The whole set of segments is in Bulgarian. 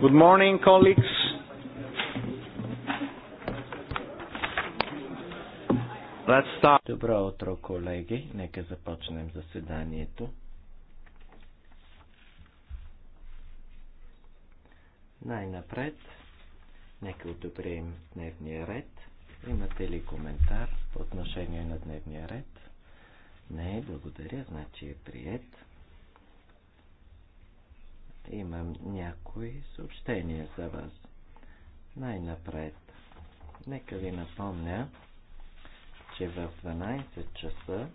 Good morning, colleagues. Let's start. Добро утро, колеги. Нека започнем заседанието. Най-напред, нека одобрим дневния ред. Имате ли коментар по отношение на дневния ред? Не, благодаря, значи е прият. Имам някои съобщения за вас. Най-напред. Нека ви напомня, че в 12 часа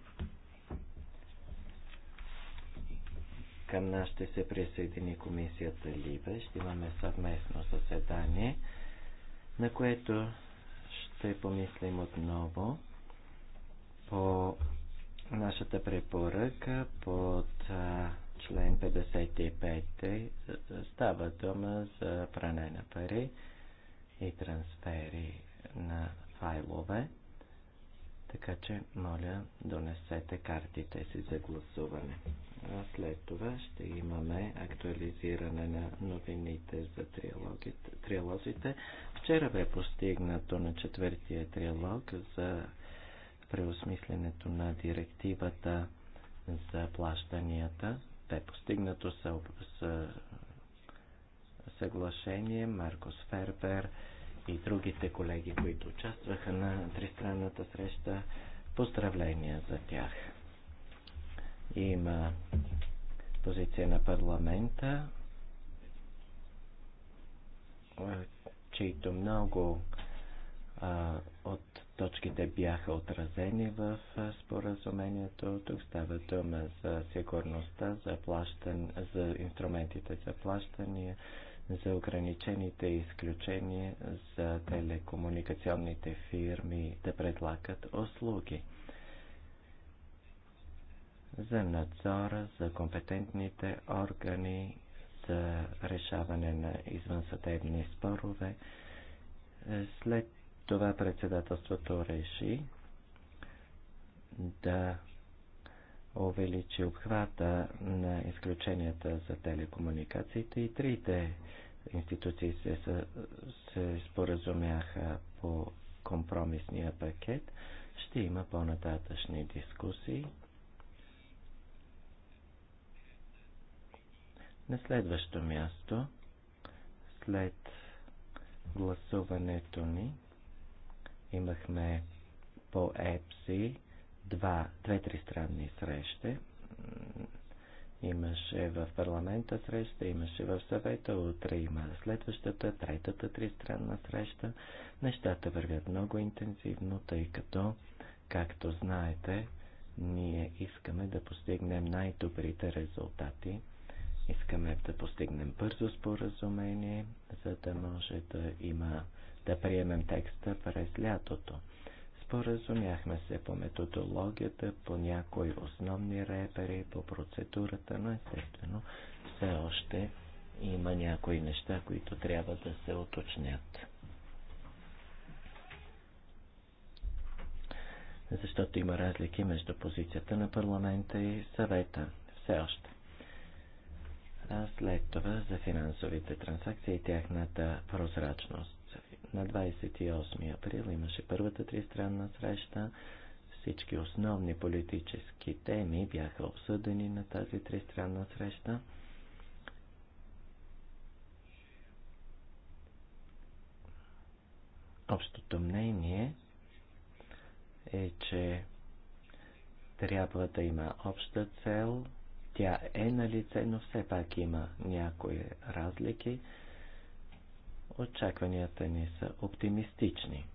към нас ще се присъедини комисията Либе. Ще имаме съвместно заседание, на което ще помислим отново по нашата препоръка под а, член 55 става дума за пране на пари и трансфери на файлове. Така че, моля, донесете картите си за гласуване. А след това ще имаме актуализиране на новините за триалозите. Вчера бе постигнато на четвъртия триалог за преосмисленето на директивата за плащанията бе постигнато съглашение. Маркос Фербер и другите колеги, които участваха на тристранната среща, поздравления за тях. Има позиция на парламента, чието много а, от точките бяха отразени в споразумението. Тук става дума за сигурността, за, плащан, за инструментите за плащания, за ограничените изключения за телекомуникационните фирми да предлагат услуги, за надзора, за компетентните органи, за решаване на извънсъдебни спорове. Е, след това председателството реши да увеличи обхвата на изключенията за телекомуникациите и трите институции се, се споразумяха по компромисния пакет. Ще има по-нататъчни дискусии. На следващо място, след гласуването ни, Имахме по ЕПСИ два, две тристранни срещи. Имаше в парламента среща, имаше в съвета, утре има следващата, третата тристранна среща. Нещата вървят много интензивно, тъй като, както знаете, ние искаме да постигнем най-добрите резултати. Искаме да постигнем бързо споразумение, за да може да има да приемем текста през лятото. Споразумяхме се по методологията, по някои основни репери, по процедурата, но естествено все още има някои неща, които трябва да се уточнят. Защото има разлики между позицията на парламента и съвета. Все още. А след това за финансовите транзакции и тяхната прозрачност. На 28 април имаше първата тристранна среща. Всички основни политически теми бяха обсъдени на тази тристранна среща. Общото мнение е, че трябва да има обща цел, тя е на лице, но все пак има някои разлики. Очакванията ни са оптимистични.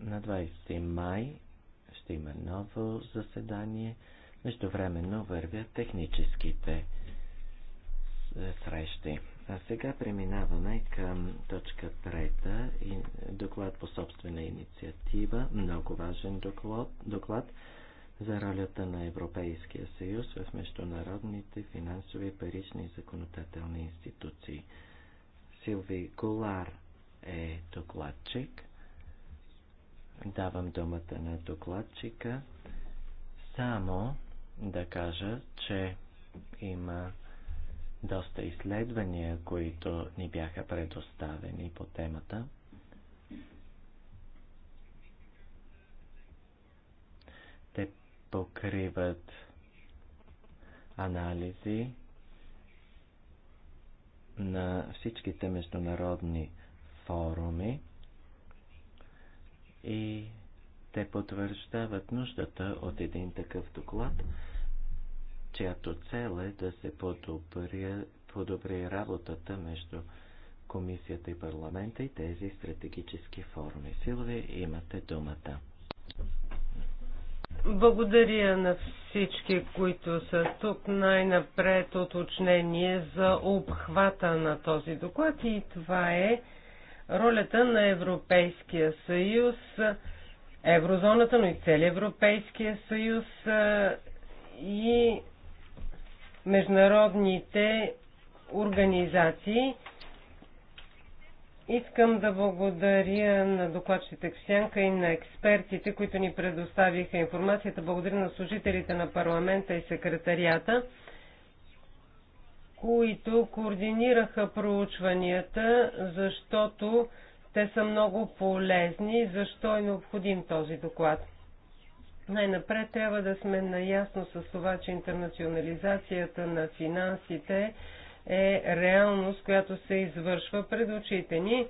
На 20 май ще има ново заседание. Междувременно вървят техническите е, срещи. А сега преминаваме към точка трета и доклад по собствена инициатива. Много важен доклад, доклад за ролята на Европейския съюз в международните финансови парични законодателни институции. Силви Голар е докладчик. Давам думата на докладчика. Само да кажа, че има доста изследвания, които ни бяха предоставени по темата. Те покриват анализи на всичките международни форуми и те потвърждават нуждата от един такъв доклад, чиято цел е да се подобри, подобри работата между Комисията и парламента и тези стратегически форуми. Силви имате думата. Благодаря на всички, които са тук. Най-напред уточнение за обхвата на този доклад и това е ролята на Европейския съюз, еврозоната, но и целият Европейския съюз и международните организации Искам да благодаря на докладчите Ксянка и на експертите, които ни предоставиха информацията. Благодаря на служителите на парламента и секретарията, които координираха проучванията, защото те са много полезни. Защо е необходим този доклад? Най-напред трябва да сме наясно с това, че интернационализацията на финансите е реалност, която се извършва пред очите ни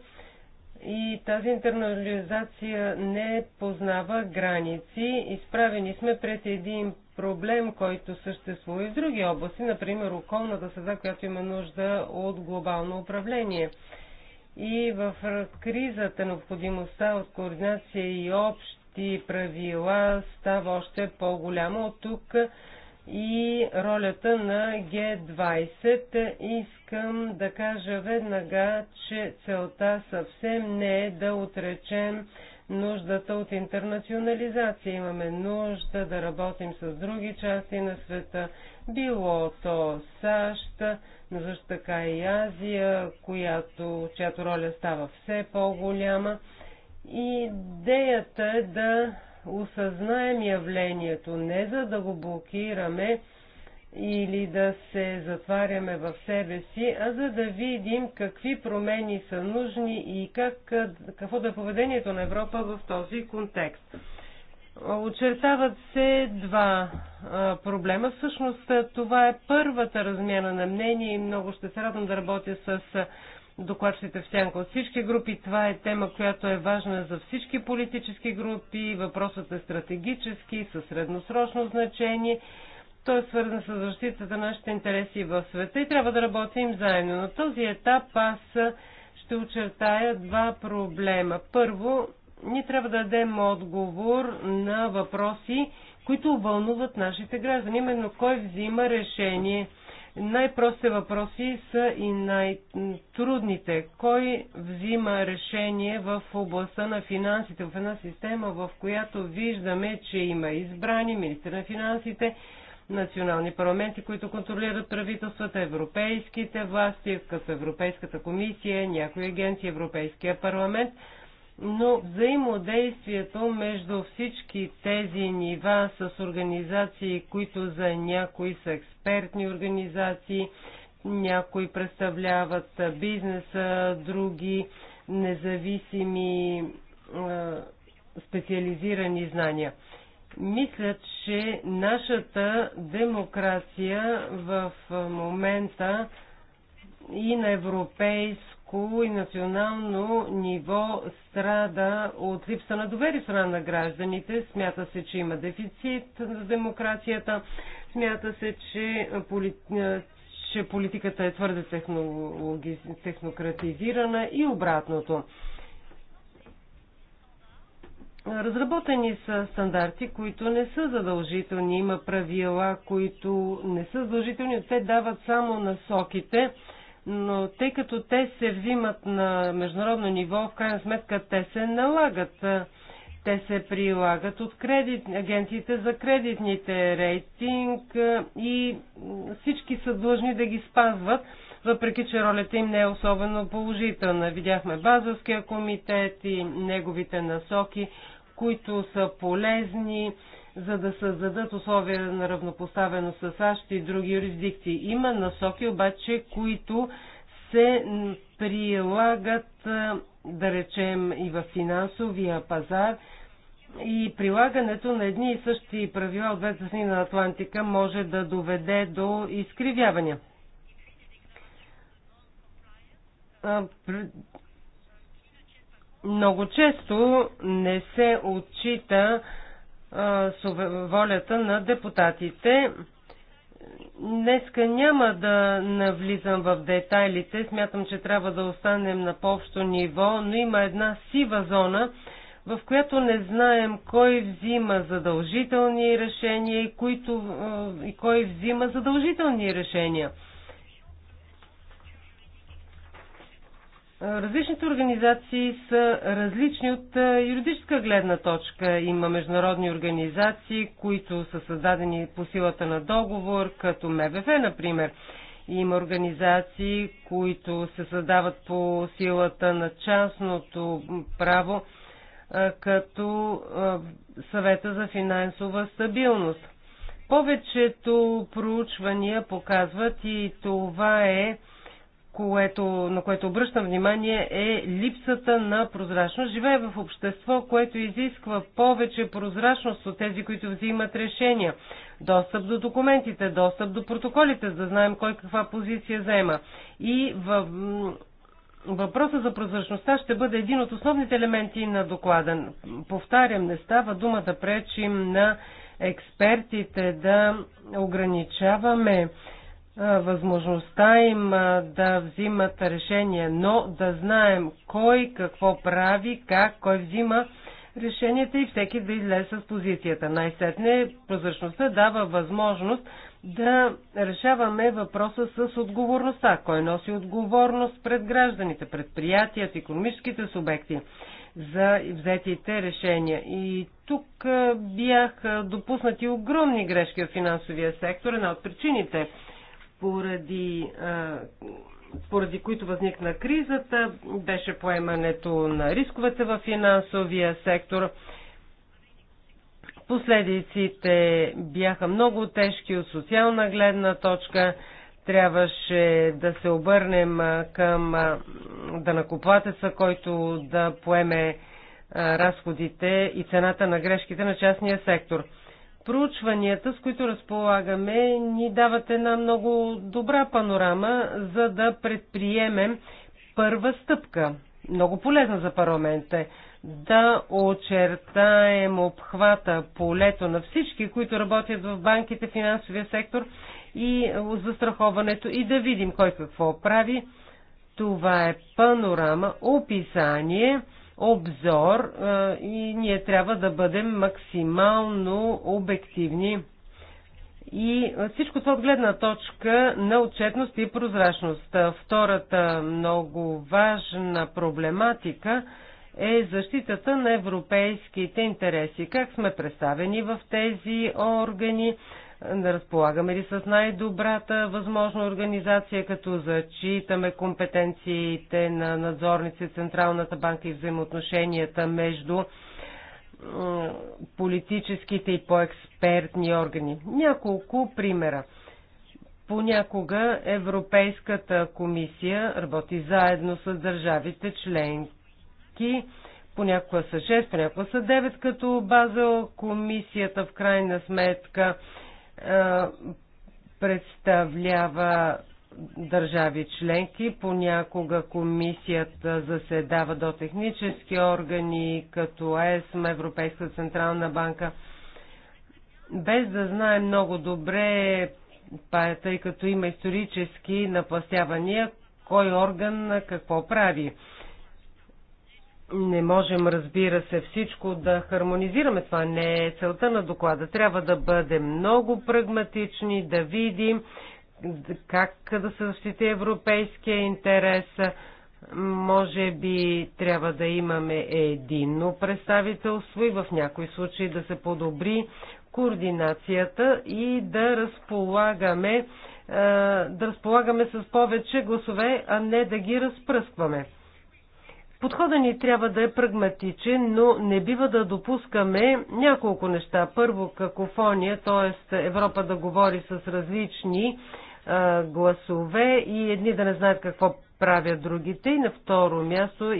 и тази интернализация не познава граници. Изправени сме пред един проблем, който съществува и в други области, например околната среда, която има нужда от глобално управление. И в кризата необходимостта от координация и общи правила става още по-голяма. От тук и ролята на Г20. Искам да кажа веднага, че целта съвсем не е да отречем нуждата от интернационализация. Имаме нужда да работим с други части на света, било то САЩ, но също така и Азия, която, чиято роля става все по-голяма. Идеята е да осъзнаем явлението, не за да го блокираме или да се затваряме в себе си, а за да видим какви промени са нужни и как, какво да е поведението на Европа в този контекст. Очертават се два а, проблема. Всъщност това е първата размяна на мнение и много ще се радвам да работя с докладчите в сянка от всички групи. Това е тема, която е важна за всички политически групи. Въпросът е стратегически, със средносрочно значение. Той е свързан с защитата на нашите интереси в света и трябва да работим заедно. На този етап аз ще очертая два проблема. Първо, ние трябва да дадем отговор на въпроси, които вълнуват нашите граждани, именно кой взима решение най-простите въпроси са и най-трудните. Кой взима решение в областта на финансите, в една система, в която виждаме, че има избрани министри на финансите, национални парламенти, които контролират правителствата, европейските власти, като Европейската комисия, някои агенции, Европейския парламент – но взаимодействието между всички тези нива с организации, които за някои са експертни организации, някои представляват бизнеса, други независими специализирани знания. Мисля, че нашата демокрация в момента и на европейско европейско и национално ниво страда от липса на доверие страна на гражданите. Смята се, че има дефицит на демокрацията. Смята се, че, поли... че политиката е твърде технологи... технократизирана и обратното. Разработени са стандарти, които не са задължителни. Има правила, които не са задължителни. Те дават само насоките но тъй като те се взимат на международно ниво, в крайна сметка те се налагат. Те се прилагат от кредит, агенциите за кредитните рейтинг и всички са длъжни да ги спазват, въпреки че ролята им не е особено положителна. Видяхме Базовския комитет и неговите насоки, които са полезни за да създадат условия на равнопоставено с САЩ и други юрисдикции. Има насоки обаче, които се прилагат, да речем, и в финансовия пазар и прилагането на едни и същи правила от двете страни на Атлантика може да доведе до изкривявания. Много често не се отчита с волята на депутатите. Днеска няма да навлизам в детайлите, смятам, че трябва да останем на по-общо ниво, но има една сива зона, в която не знаем кой взима задължителни решения и, които, и кой взима задължителни решения. Различните организации са различни от юридическа гледна точка. Има международни организации, които са създадени по силата на договор, като МВФ, например. Има организации, които се създават по силата на частното право, като съвета за финансова стабилност. Повечето проучвания показват и това е което, на което обръщам внимание, е липсата на прозрачност. Живее в общество, което изисква повече прозрачност от тези, които взимат решения. Достъп до документите, достъп до протоколите, за да знаем кой каква позиция заема. И в... въпросът за прозрачността ще бъде един от основните елементи на доклада. Повтарям, не става дума да пречим на експертите да ограничаваме възможността им да взимат решения, но да знаем кой какво прави, как, кой взима решенията и всеки да излезе с позицията. Най-сетне прозрачността дава възможност да решаваме въпроса с отговорността. Кой носи отговорност пред гражданите, предприятията, економическите субекти за взетите решения. И тук бяха допуснати огромни грешки в финансовия сектор. Една от причините, поради, поради които възникна кризата, беше поемането на рисковете в финансовия сектор. Последиците бяха много тежки от социална гледна точка. Трябваше да се обърнем към данакоплатеца, който да поеме разходите и цената на грешките на частния сектор проучванията, с които разполагаме, ни дават една много добра панорама, за да предприемем първа стъпка, много полезна за парламента, да очертаем обхвата, полето на всички, които работят в банките, финансовия сектор и застраховането и да видим кой какво прави. Това е панорама, описание обзор и ние трябва да бъдем максимално обективни. И всичко това от гледна точка на отчетност и прозрачност. Втората много важна проблематика е защитата на европейските интереси. Как сме представени в тези органи, да разполагаме ли с най-добрата възможна организация, като зачитаме компетенциите на надзорници Централната банка и взаимоотношенията между политическите и по-експертни органи. Няколко примера. Понякога Европейската комисия работи заедно с държавите членки, понякога са 6, понякога са 9 като база. Комисията в крайна сметка е, представлява държави членки. Понякога комисията заседава до технически органи, като ЕСМ, Европейска централна банка, без да знае много добре, тъй като има исторически напластявания, кой орган какво прави. Не можем, разбира се, всичко да хармонизираме. Това не е целта на доклада. Трябва да бъдем много прагматични, да видим как да се защити европейския интерес. Може би трябва да имаме единно представителство и в някои случаи да се подобри координацията и да разполагаме, да разполагаме с повече гласове, а не да ги разпръскваме. Подхода ни трябва да е прагматичен, но не бива да допускаме няколко неща. Първо, какофония, т.е. Европа да говори с различни а, гласове и едни да не знаят какво правят другите. И на второ място,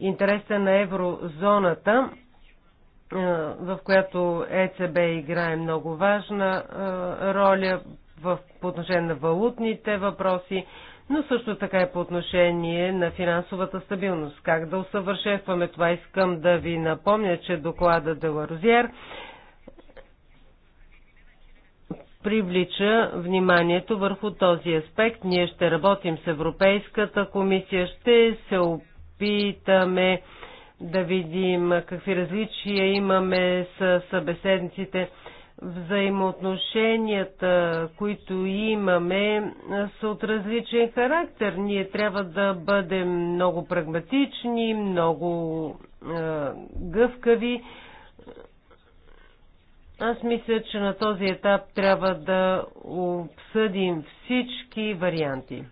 интереса на еврозоната, а, в която ЕЦБ играе много важна а, роля в, по отношение на валутните въпроси но също така и по отношение на финансовата стабилност. Как да усъвършенстваме това? Искам да ви напомня, че доклада Деларозиер привлича вниманието върху този аспект. Ние ще работим с Европейската комисия, ще се опитаме да видим какви различия имаме с събеседниците взаимоотношенията, които имаме, са от различен характер. Ние трябва да бъдем много прагматични, много е, гъвкави. Аз мисля, че на този етап трябва да обсъдим всички варианти. Е,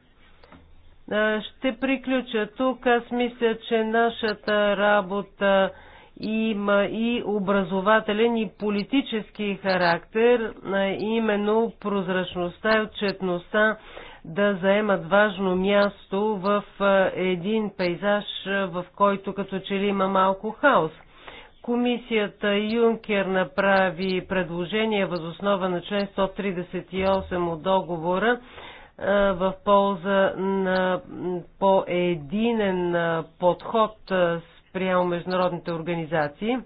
ще приключа тук. Аз мисля, че нашата работа има и образователен и политически характер, именно прозрачността и отчетността да заемат важно място в един пейзаж, в който като че ли има малко хаос. Комисията Юнкер направи предложение възоснова на член 138 от договора в полза на по-единен подход спрямо международните организации.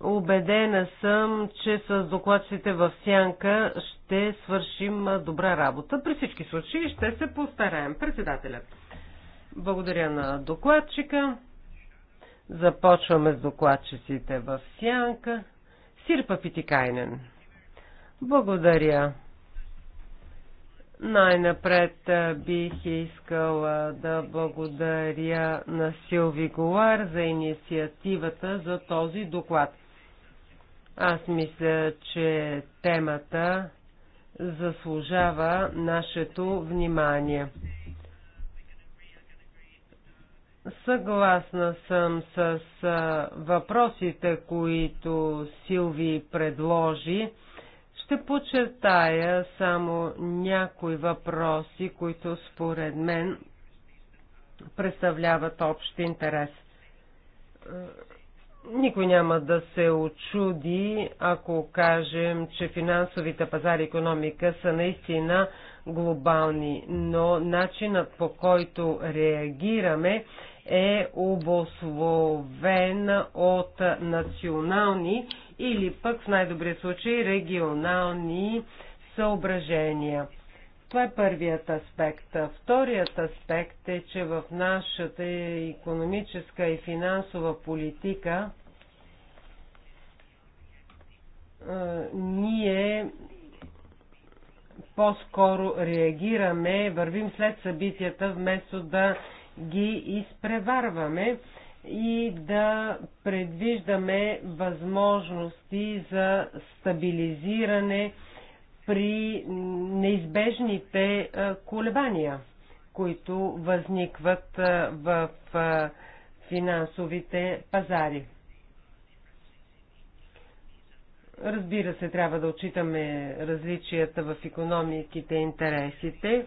Убедена съм, че с докладците в сянка ще свършим добра работа. При всички случаи ще се постараем. Председателят. Благодаря на докладчика. Започваме с докладчиците в сянка. Сирпа Питикайнен. Благодаря. Най-напред бих искала да благодаря на Силви Голар за инициативата за този доклад. Аз мисля, че темата заслужава нашето внимание. Съгласна съм с въпросите, които Силви предложи ще почертая само някои въпроси, които според мен представляват общ интерес. Е, никой няма да се очуди, ако кажем, че финансовите пазари и економика са наистина глобални, но начинът по който реагираме е обословен от национални или пък в най-добрия случай регионални съображения. Това е първият аспект. Вторият аспект е, че в нашата економическа и финансова политика ние по-скоро реагираме, вървим след събитията, вместо да ги изпреварваме и да предвиждаме възможности за стабилизиране при неизбежните е, колебания, които възникват е, в е, финансовите пазари. Разбира се, трябва да отчитаме различията в економиките и интересите.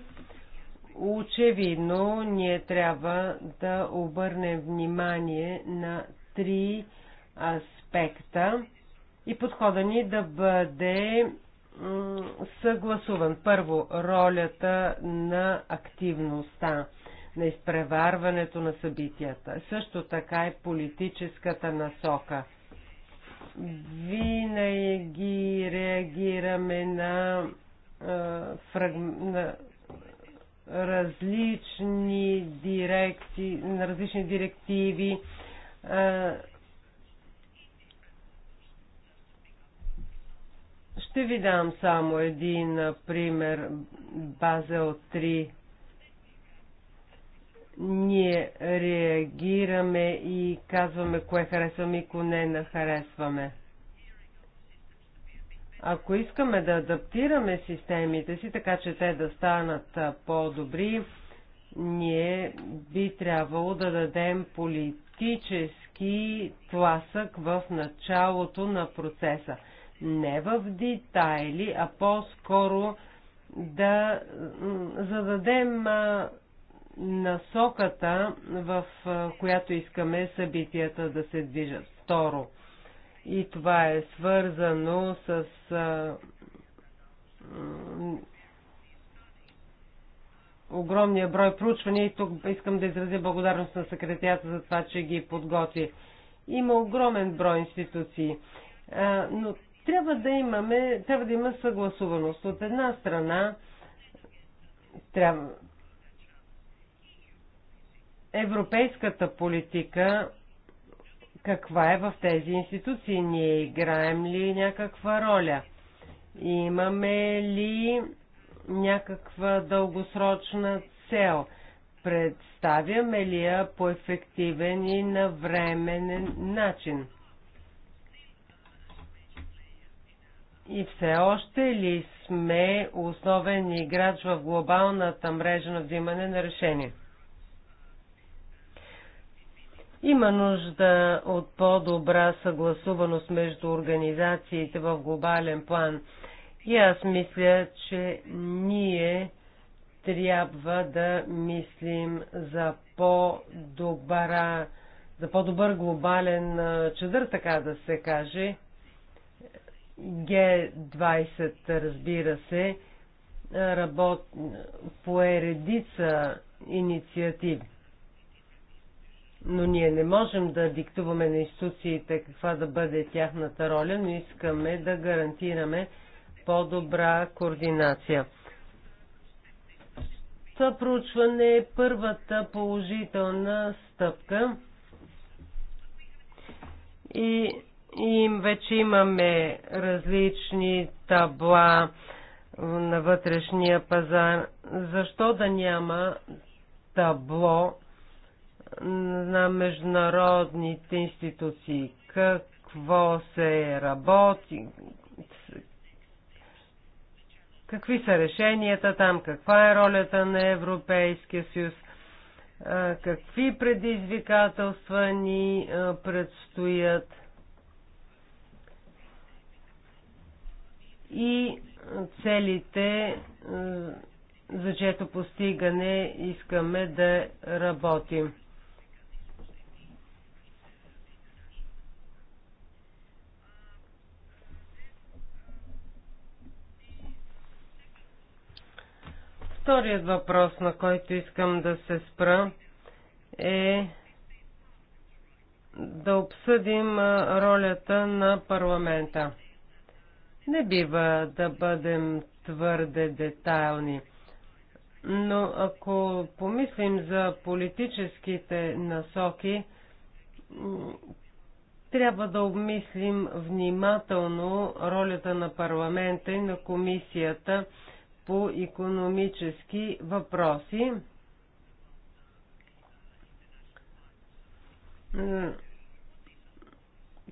Очевидно, ние трябва да обърнем внимание на три аспекта и подхода ни да бъде съгласуван. Първо, ролята на активността, на изпреварването на събитията. Също така и политическата насока. Винаги реагираме на, на различни директи, на различни директиви. Е, ще ви дам само един пример. Базел 3. Ние реагираме и казваме кое харесваме и кое не харесваме. Ако искаме да адаптираме системите си, така че те да станат по-добри, ние би трябвало да дадем политически тласък в началото на процеса. Не в детайли, а по-скоро да зададем насоката, в която искаме събитията да се движат. Второ, и това е свързано с а, огромния брой проучвания и тук искам да изразя благодарност на секретарята за това, че ги подготви. Има огромен брой институции, а, но трябва да имаме, трябва да има съгласуваност. От една страна трябва европейската политика каква е в тези институции? Ние играем ли някаква роля? Имаме ли някаква дългосрочна цел? Представяме ли я по ефективен и навременен начин? И все още ли сме основен играч в глобалната мрежа на взимане на решения? Има нужда от по-добра съгласуваност между организациите в глобален план. И аз мисля, че ние трябва да мислим за по-добра, за по-добър глобален чадър, така да се каже. Г20, разбира се, работ... по редица инициативи но ние не можем да диктуваме на институциите каква да бъде тяхната роля, но искаме да гарантираме по-добра координация. Това проучване е първата положителна стъпка и им вече имаме различни табла на вътрешния пазар. Защо да няма табло на международните институции. Какво се работи? Какви са решенията там? Каква е ролята на Европейския съюз? Какви предизвикателства ни предстоят? И целите за чето постигане искаме да работим. Вторият въпрос, на който искам да се спра, е да обсъдим ролята на парламента. Не бива да бъдем твърде детайлни, но ако помислим за политическите насоки, трябва да обмислим внимателно ролята на парламента и на комисията по економически въпроси.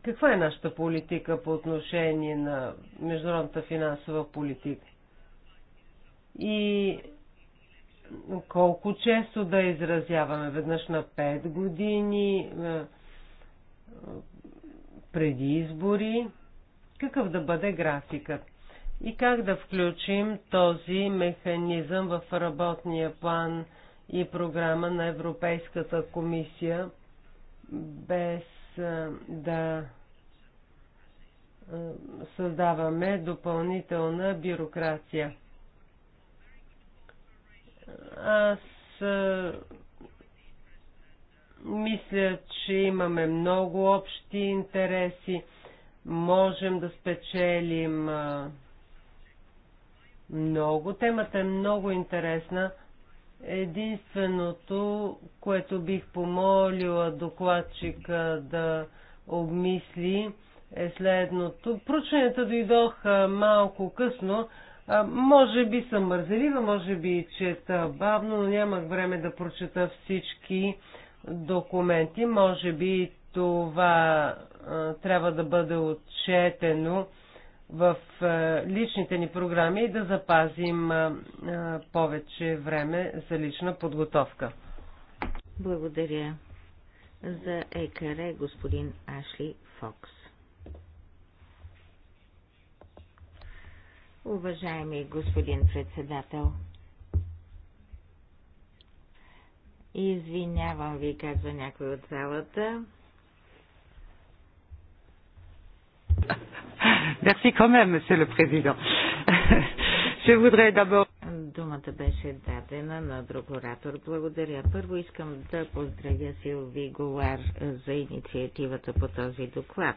Каква е нашата политика по отношение на международната финансова политика? И колко често да изразяваме? Веднъж на 5 години, е, преди избори? Какъв да бъде графикът? и как да включим този механизъм в работния план и програма на Европейската комисия, без да създаваме допълнителна бюрокрация. Аз мисля, че имаме много общи интереси, можем да спечелим много. Темата е много интересна. Единственото, което бих помолила докладчика да обмисли е следното. Проучванията дойдоха малко късно. А, може би съм мързелива, може би чета бавно, но нямах време да прочета всички документи. Може би това а, трябва да бъде отчетено в е, личните ни програми и да запазим е, е, повече време за лична подготовка. Благодаря за екаре господин Ашли Фокс. Уважаеми господин председател, извинявам ви, казва някой от залата. Merci quand même, Monsieur le Président. Je voudrais d'abord... Думата беше дадена на друг оратор. Благодаря. Първо искам да поздравя Силви Голар е, за инициативата по този доклад.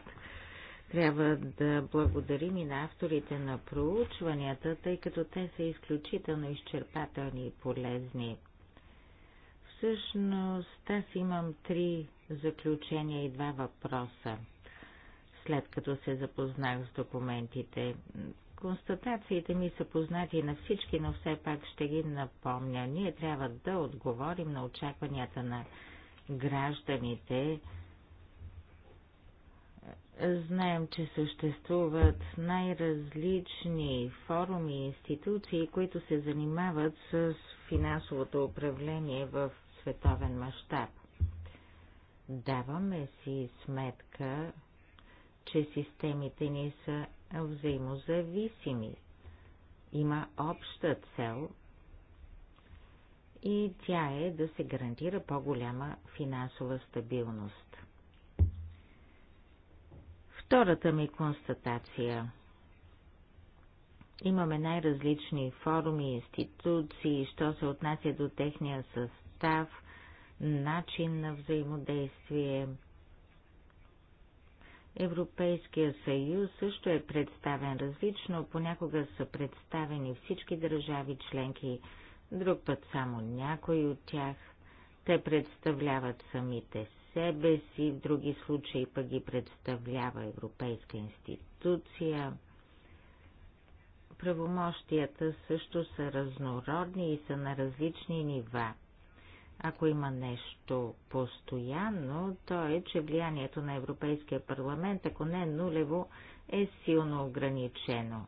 Трябва да благодарим и на авторите на проучванията, тъй като те са изключително изчерпателни и полезни. Всъщност аз имам три заключения и два въпроса след като се запознах с документите. Констатациите ми са познати на всички, но все пак ще ги напомня. Ние трябва да отговорим на очакванията на гражданите. Знаем, че съществуват най-различни форуми и институции, които се занимават с финансовото управление в световен мащаб. Даваме си сметка, че системите ни са взаимозависими. Има обща цел и тя е да се гарантира по-голяма финансова стабилност. Втората ми констатация Имаме най-различни форуми, институции, що се отнася до техния състав, начин на взаимодействие – Европейския съюз също е представен различно, понякога са представени всички държави членки, друг път само някои от тях. Те представляват самите себе си, в други случаи пък ги представлява Европейска институция. Правомощията също са разнородни и са на различни нива. Ако има нещо постоянно, то е, че влиянието на Европейския парламент, ако не е нулево, е силно ограничено.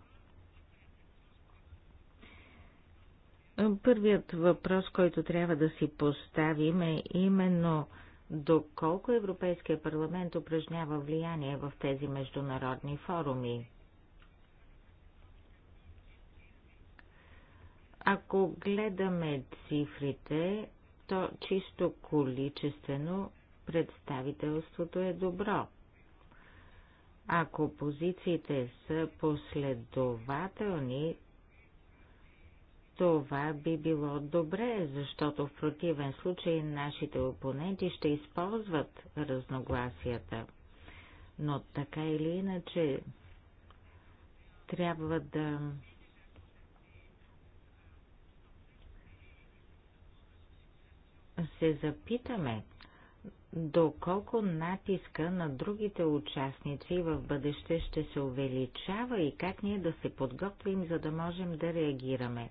Първият въпрос, който трябва да си поставим е именно доколко Европейския парламент упражнява влияние в тези международни форуми. Ако гледаме цифрите, то чисто количествено представителството е добро. Ако позициите са последователни, това би било добре, защото в противен случай нашите опоненти ще използват разногласията. Но така или иначе трябва да се запитаме доколко натиска на другите участници в бъдеще ще се увеличава и как ние да се подготвим, за да можем да реагираме.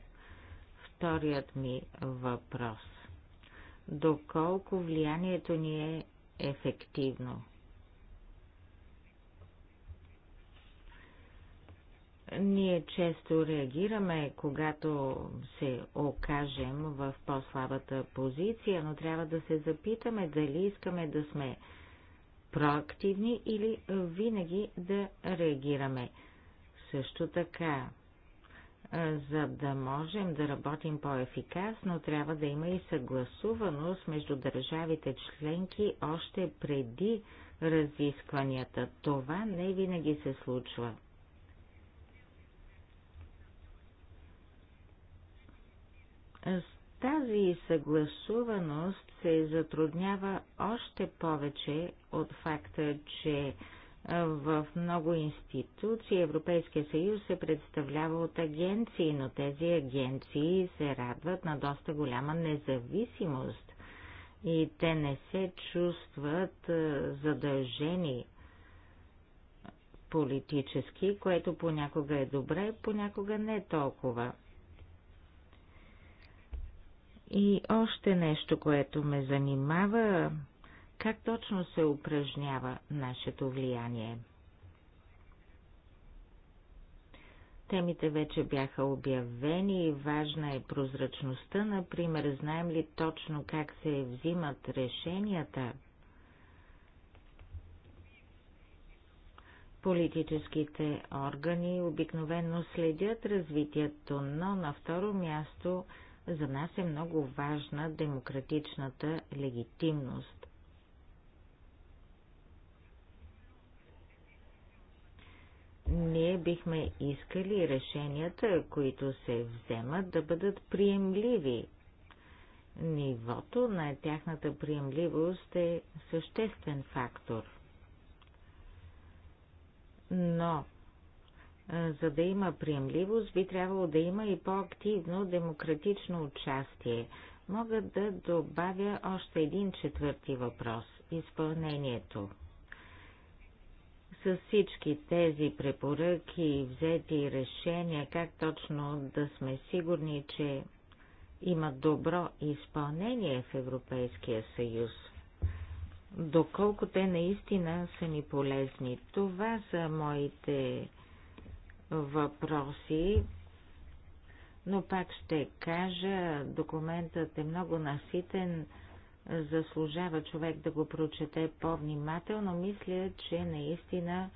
Вторият ми въпрос. Доколко влиянието ни е ефективно? Ние често реагираме, когато се окажем в по-слабата позиция, но трябва да се запитаме дали искаме да сме проактивни или винаги да реагираме. Също така, за да можем да работим по-ефикасно, трябва да има и съгласуваност между държавите членки още преди разискванията. Това не винаги се случва. С тази съгласуваност се затруднява още повече от факта, че е, в много институции Европейския съюз се представлява от агенции, но тези агенции се радват на доста голяма независимост и те не се чувстват е, задължени политически, което понякога е добре, понякога не толкова. И още нещо, което ме занимава, как точно се упражнява нашето влияние. Темите вече бяха обявени и важна е прозрачността, например, знаем ли точно как се взимат решенията. Политическите органи обикновенно следят развитието, но на второ място – за нас е много важна демократичната легитимност. Ние бихме искали решенията, които се вземат, да бъдат приемливи. Нивото на тяхната приемливост е съществен фактор. Но за да има приемливост, би трябвало да има и по-активно демократично участие. Мога да добавя още един четвърти въпрос – изпълнението. С всички тези препоръки, взети решения, как точно да сме сигурни, че има добро изпълнение в Европейския съюз – доколко те наистина са ни полезни. Това са моите въпроси, но пак ще кажа, документът е много наситен, заслужава човек да го прочете по-внимателно. Мисля, че наистина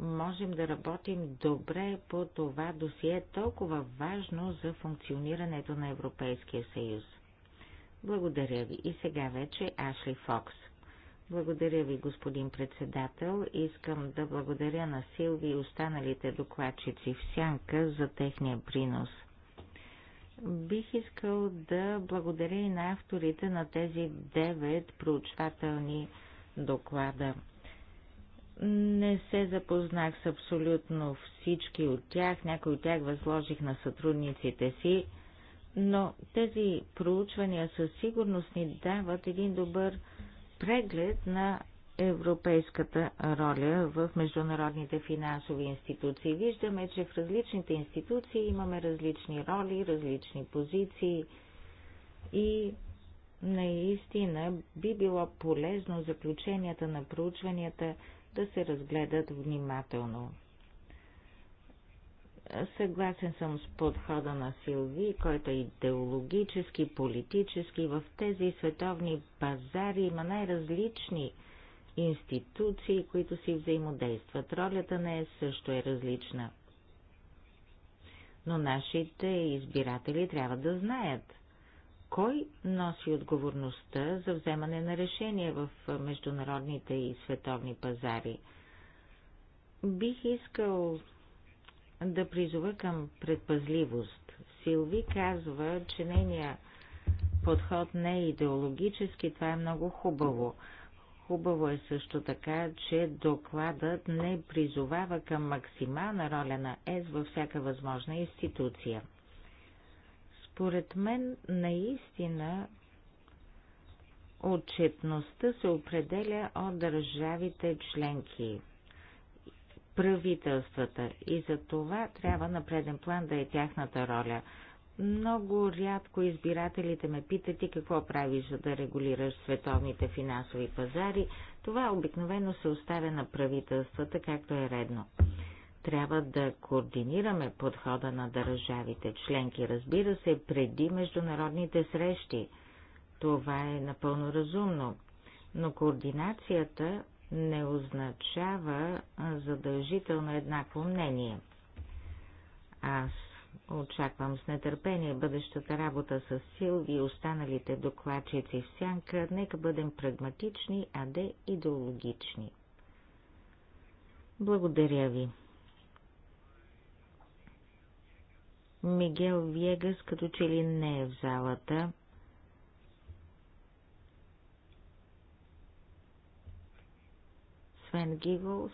можем да работим добре по това досие, толкова важно за функционирането на Европейския съюз. Благодаря ви. И сега вече Ашли Фокс. Благодаря ви, господин председател. Искам да благодаря на Силви и останалите докладчици в Сянка за техния принос. Бих искал да благодаря и на авторите на тези девет проучвателни доклада. Не се запознах с абсолютно всички от тях, някои от тях възложих на сътрудниците си, но тези проучвания със сигурност ни дават един добър преглед на европейската роля в международните финансови институции. Виждаме, че в различните институции имаме различни роли, различни позиции и наистина би било полезно заключенията на проучванията да се разгледат внимателно. Съгласен съм с подхода на Силви, който е идеологически, политически. В тези световни пазари има най-различни институции, които си взаимодействат. Ролята не е също е различна. Но нашите избиратели трябва да знаят, кой носи отговорността за вземане на решения в международните и световни пазари. Бих искал да призова към предпазливост. Силви казва, че нейният подход не е идеологически, това е много хубаво. Хубаво е също така, че докладът не призовава към максимална роля на ЕС във всяка възможна институция. Според мен, наистина, отчетността се определя от държавите членки правителствата и за това трябва на преден план да е тяхната роля. Много рядко избирателите ме питат и какво правиш, за да регулираш световните финансови пазари. Това обикновено се оставя на правителствата, както е редно. Трябва да координираме подхода на държавите членки, разбира се, преди международните срещи. Това е напълно разумно, но координацията не означава задължително еднакво мнение. Аз очаквам с нетърпение бъдещата работа с Силви и останалите докладчици в сянка. Нека бъдем прагматични, а де идеологични. Благодаря ви. Мигел Вегас като че ли не е в залата. Свен Гиголс.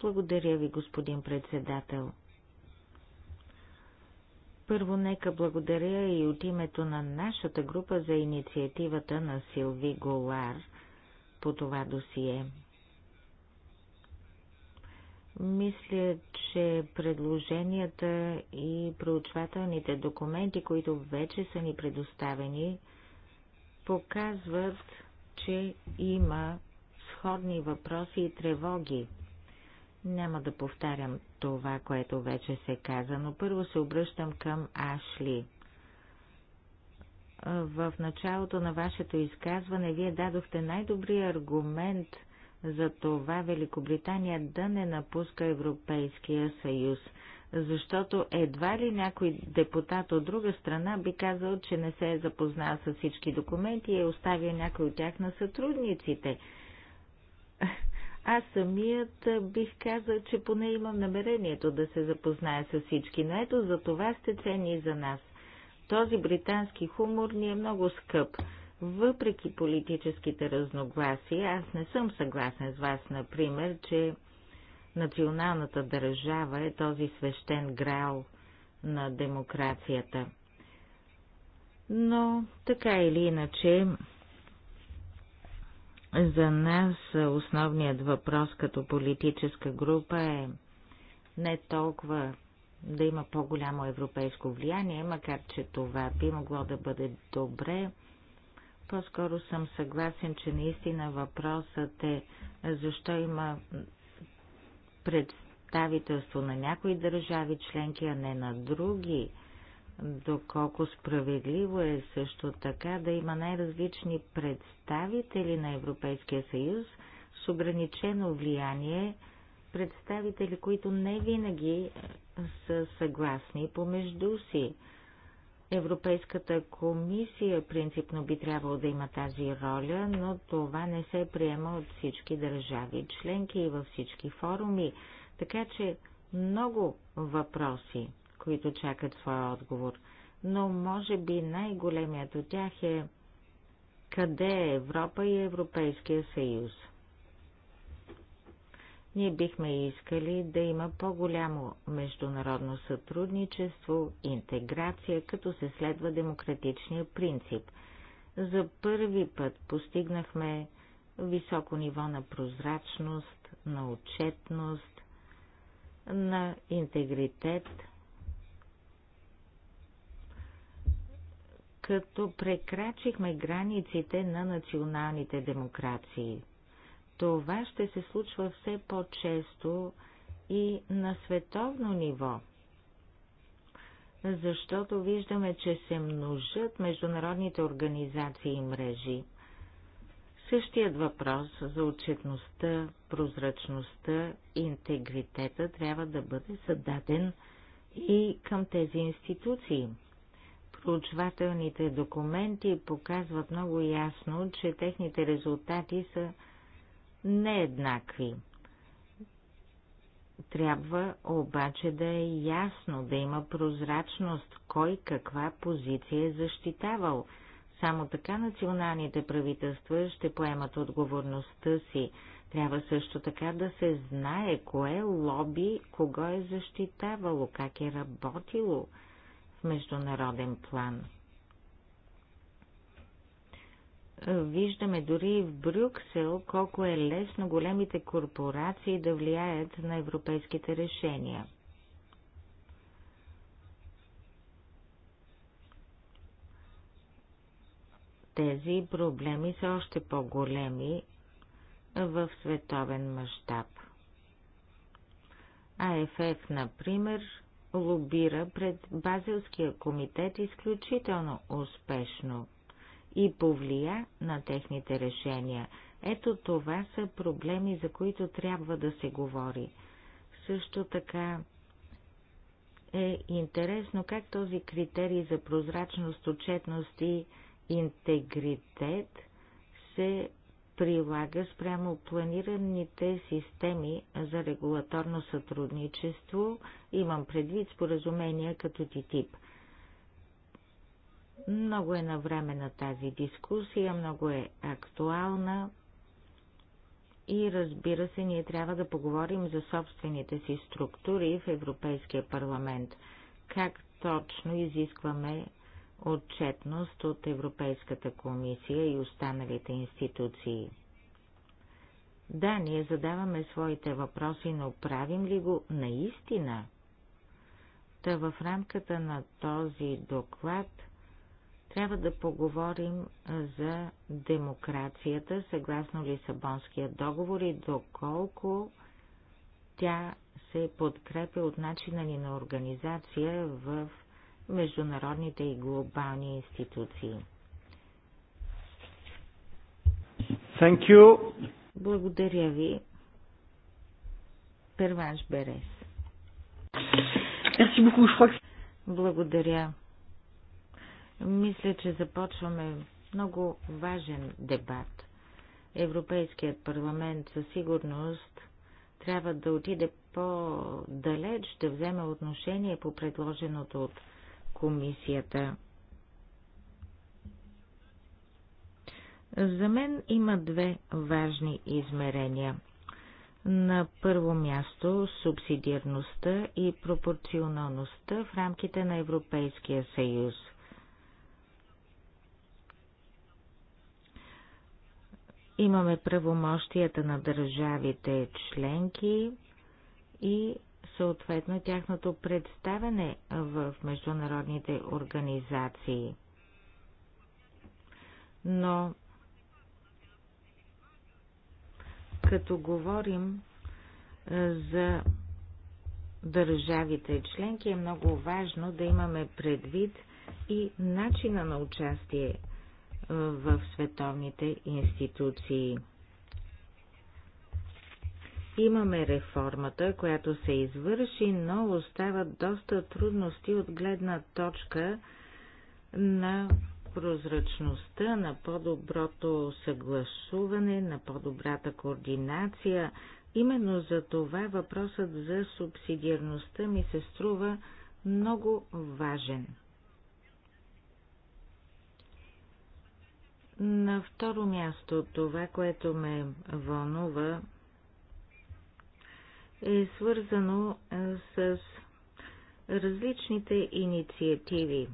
Благодаря ви, господин председател. Първо нека благодаря и от името на нашата група за инициативата на Силви Голар по това досие. Мисля, че предложенията и проучвателните документи, които вече са ни предоставени, показват, че има сходни въпроси и тревоги. Няма да повтарям това, което вече се каза, но първо се обръщам към Ашли. В началото на вашето изказване вие дадохте най-добрия аргумент за това Великобритания да не напуска Европейския съюз, защото едва ли някой депутат от друга страна би казал, че не се е запознал с всички документи и е оставил някой от тях на сътрудниците – аз самият бих казал, че поне имам намерението да се запозная с всички, но ето за това сте цени за нас. Този британски хумор ни е много скъп. Въпреки политическите разногласия, аз не съм съгласен с вас, например, че националната държава е този свещен грал на демокрацията. Но така или иначе, за нас основният въпрос като политическа група е не толкова да има по-голямо европейско влияние, макар че това би могло да бъде добре. По-скоро съм съгласен, че наистина въпросът е защо има представителство на някои държави членки, а не на други доколко справедливо е също така да има най-различни представители на Европейския съюз с ограничено влияние, представители, които не винаги са съгласни помежду си. Европейската комисия принципно би трябвало да има тази роля, но това не се приема от всички държави членки и във всички форуми, така че много въпроси които чакат своя отговор. Но може би най-големият от тях е къде е Европа и Европейския съюз. Ние бихме искали да има по-голямо международно сътрудничество, интеграция, като се следва демократичния принцип. За първи път постигнахме високо ниво на прозрачност, на отчетност, на интегритет – като прекрачихме границите на националните демокрации. Това ще се случва все по-често и на световно ниво, защото виждаме, че се множат международните организации и мрежи. Същият въпрос за отчетността, прозрачността и интегритета трябва да бъде зададен и към тези институции проучвателните документи показват много ясно, че техните резултати са нееднакви. Трябва обаче да е ясно, да има прозрачност, кой каква позиция е защитавал. Само така националните правителства ще поемат отговорността си. Трябва също така да се знае кое лоби, кого е защитавало, как е работило международен план. Виждаме дори в Брюксел колко е лесно големите корпорации да влияят на европейските решения. Тези проблеми са още по-големи в световен мащаб. АФФ, е е например, лобира пред Базелския комитет изключително успешно и повлия на техните решения. Ето това са проблеми, за които трябва да се говори. Също така е интересно как този критерий за прозрачност, отчетност и интегритет се прилага спрямо планираните системи за регулаторно сътрудничество, имам предвид споразумения като ТИТИП. Много е на време на тази дискусия, много е актуална и разбира се, ние трябва да поговорим за собствените си структури в Европейския парламент. Как точно изискваме отчетност от Европейската комисия и останалите институции. Да, ние задаваме своите въпроси, но правим ли го наистина? Та в рамката на този доклад трябва да поговорим за демокрацията, съгласно Лисабонския договор и доколко тя се подкрепя от начина ни на организация в международните и глобални институции. Thank you. Благодаря ви. Перванш Берес. Merci beaucoup. Je crois que... Благодаря. Мисля, че започваме много важен дебат. Европейският парламент със сигурност трябва да отиде по-далеч, да вземе отношение по предложеното от комисията. За мен има две важни измерения. На първо място субсидиарността и пропорционалността в рамките на Европейския съюз. Имаме правомощията на държавите членки и съответно тяхното представяне в международните организации. Но като говорим е, за държавите членки е много важно да имаме предвид и начина на участие е, в световните институции. Имаме реформата, която се извърши, но остават доста трудности от гледна точка на прозрачността, на по-доброто съгласуване, на по-добрата координация. Именно за това въпросът за субсидиарността ми се струва много важен. На второ място това, което ме вълнува е свързано е, с различните инициативи.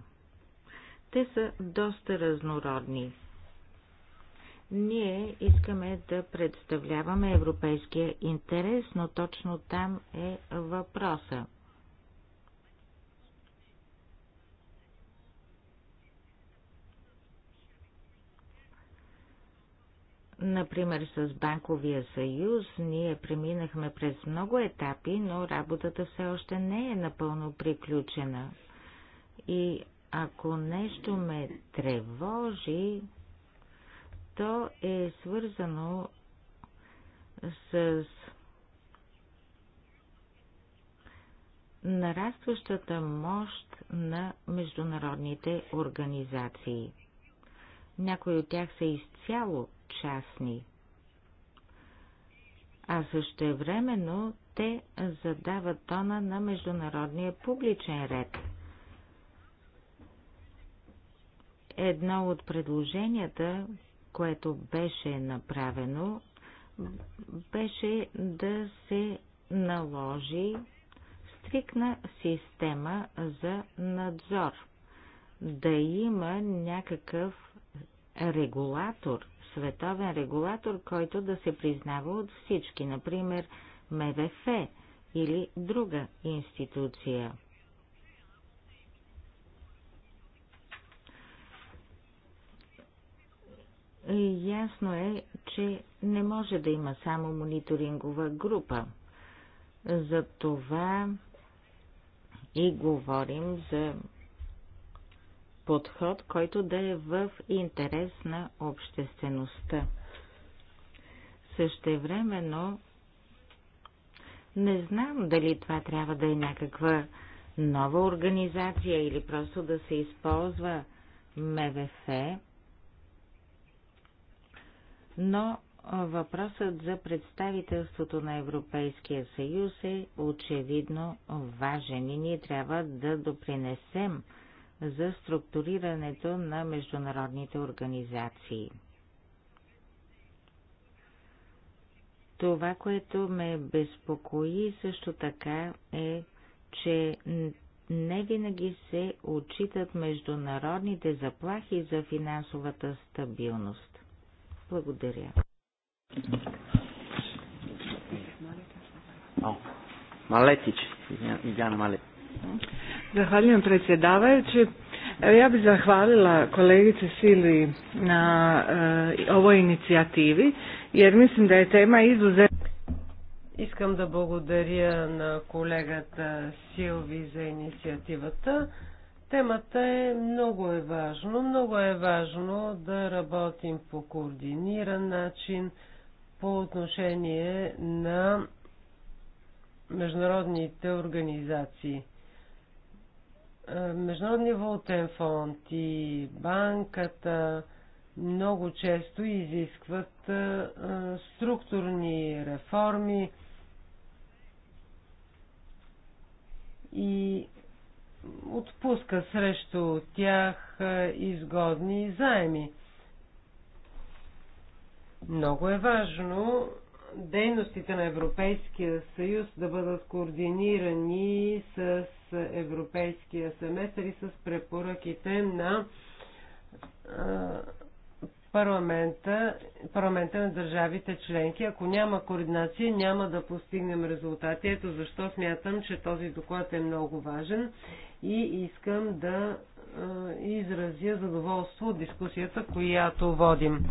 Те са доста разнородни. Ние искаме да представляваме европейския интерес, но точно там е въпроса. Например, с Банковия съюз ние преминахме през много етапи, но работата все още не е напълно приключена. И ако нещо ме тревожи, то е свързано с нарастващата мощ на международните организации. Някои от тях са изцяло частни. А също времено те задават тона на международния публичен ред. Едно от предложенията, което беше направено, беше да се наложи стрикна система за надзор, да има някакъв регулатор световен регулатор, който да се признава от всички, например МВФ или друга институция. Ясно е, че не може да има само мониторингова група. За това и говорим за подход, който да е в интерес на обществеността. Същевременно, не знам дали това трябва да е някаква нова организация или просто да се използва МВФ, но въпросът за представителството на Европейския съюз е очевидно важен и ние трябва да допринесем за структурирането на международните организации. Това, което ме безпокои също така е, че не винаги се отчитат международните заплахи за финансовата стабилност. Благодаря. Малетич, Илиана Малетич. Zahvaljujem predsjedavajući. Evo ja bih zahvalila kolegice Sili na e, ovoj inicijativi jer mislim da je tema izuzetno. Искам да благодаря на колегата Силви за инициативата. Темата е много е важно. Много е важно да работим по координиран начин по отношение на международните организации – е, международния валутен фонд и банката много често изискват е, е, структурни реформи и отпуска срещу тях изгодни заеми. Много е важно дейностите на Европейския съюз да бъдат координирани с европейския семестър и с препоръките на парламента, парламента на държавите членки. Ако няма координация, няма да постигнем резултати. Ето защо смятам, че този доклад е много важен и искам да изразя задоволство от дискусията, която водим.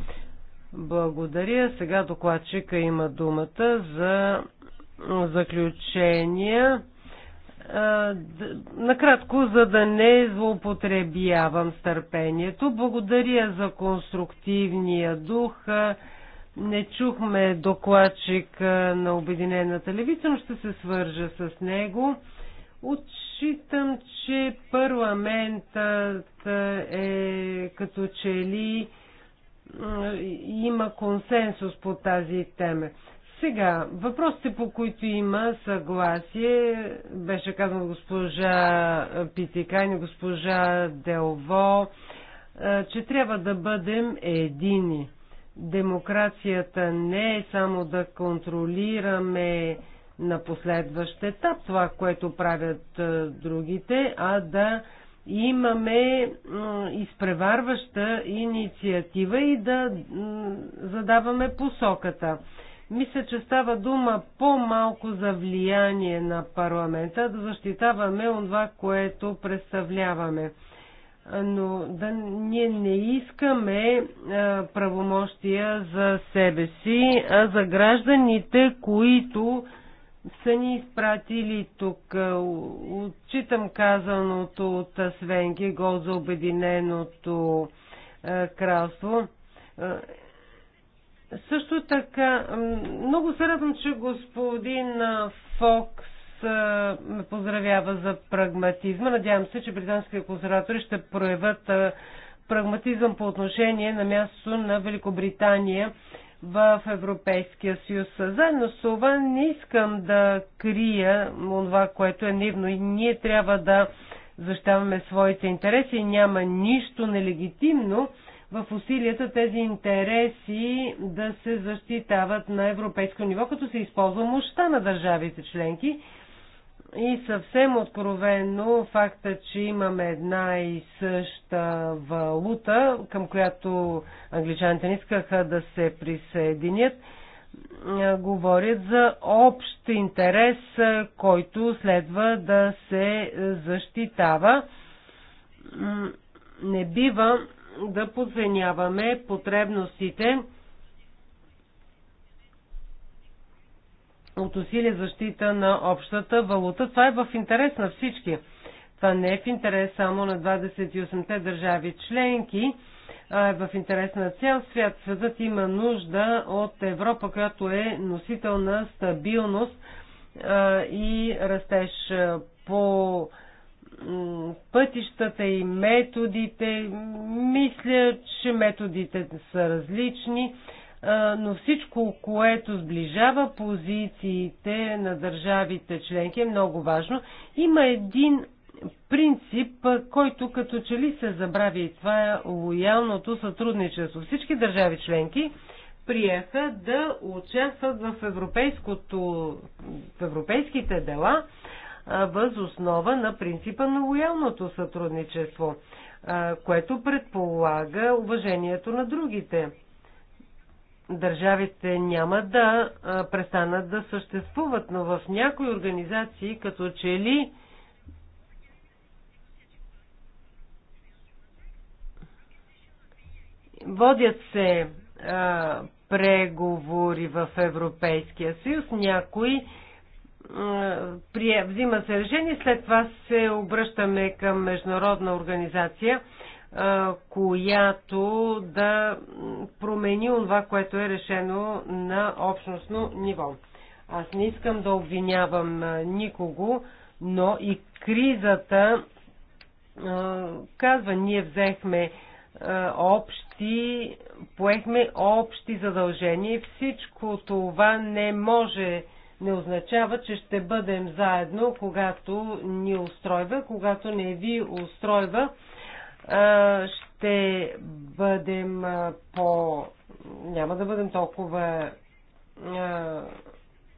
Благодаря. Сега докладчика има думата за заключения накратко, за да не злоупотребявам с търпението. Благодаря за конструктивния дух. Не чухме докладчик на Обединената левица, но ще се свържа с него. Отчитам, че парламентът е като че ли има консенсус по тази тема. Сега, въпросите, по които има съгласие, беше казано госпожа Питикайн и госпожа Делво, е, че трябва да бъдем едини. Демокрацията не е само да контролираме на последващ етап това, което правят е, другите, а да имаме изпреварваща инициатива и да задаваме посоката. Мисля, че става дума по-малко за влияние на парламента, да защитаваме това, което представляваме. Но да, ние не искаме правомощия за себе си, а за гражданите, които са ни изпратили тук. Отчитам казаното от Свенки Гол за Обединеното кралство също така, много се радвам, че господин Фокс ме поздравява за прагматизма. Надявам се, че британските консерватори ще проявят прагматизъм по отношение на мястото на Великобритания в Европейския съюз. Заедно с това не искам да крия това, което е нивно и ние трябва да защитаваме своите интереси. Няма нищо нелегитимно в усилията тези интереси да се защитават на европейско ниво, като се използва мощта на държавите членки. И съвсем откровено факта, че имаме една и съща валута, към която англичаните не искаха да се присъединят, говорят за общ интерес, който следва да се защитава. Не бива да подценяваме потребностите от усилия защита на общата валута. Това е в интерес на всички. Това не е в интерес само на 28-те държави членки, а е в интерес на цял свят. Светът има нужда от Европа, която е носител на стабилност и растеж по пътищата и методите. Мисля, че методите са различни, но всичко, което сближава позициите на държавите членки е много важно. Има един принцип, който като че ли се забрави и това е лоялното сътрудничество. Всички държави членки приеха да участват в, европейското, в европейските дела въз основа на принципа на лоялното сътрудничество, което предполага уважението на другите. Държавите няма да престанат да съществуват, но в някои организации, като че ли водят се преговори в Европейския съюз, някои взима се решение, след това се обръщаме към международна организация, която да промени това, което е решено на общностно ниво. Аз не искам да обвинявам никого, но и кризата казва, ние взехме общи, поехме общи задължения и всичко това не може не означава, че ще бъдем заедно, когато ни устройва, когато не ви устройва, ще бъдем по... няма да бъдем толкова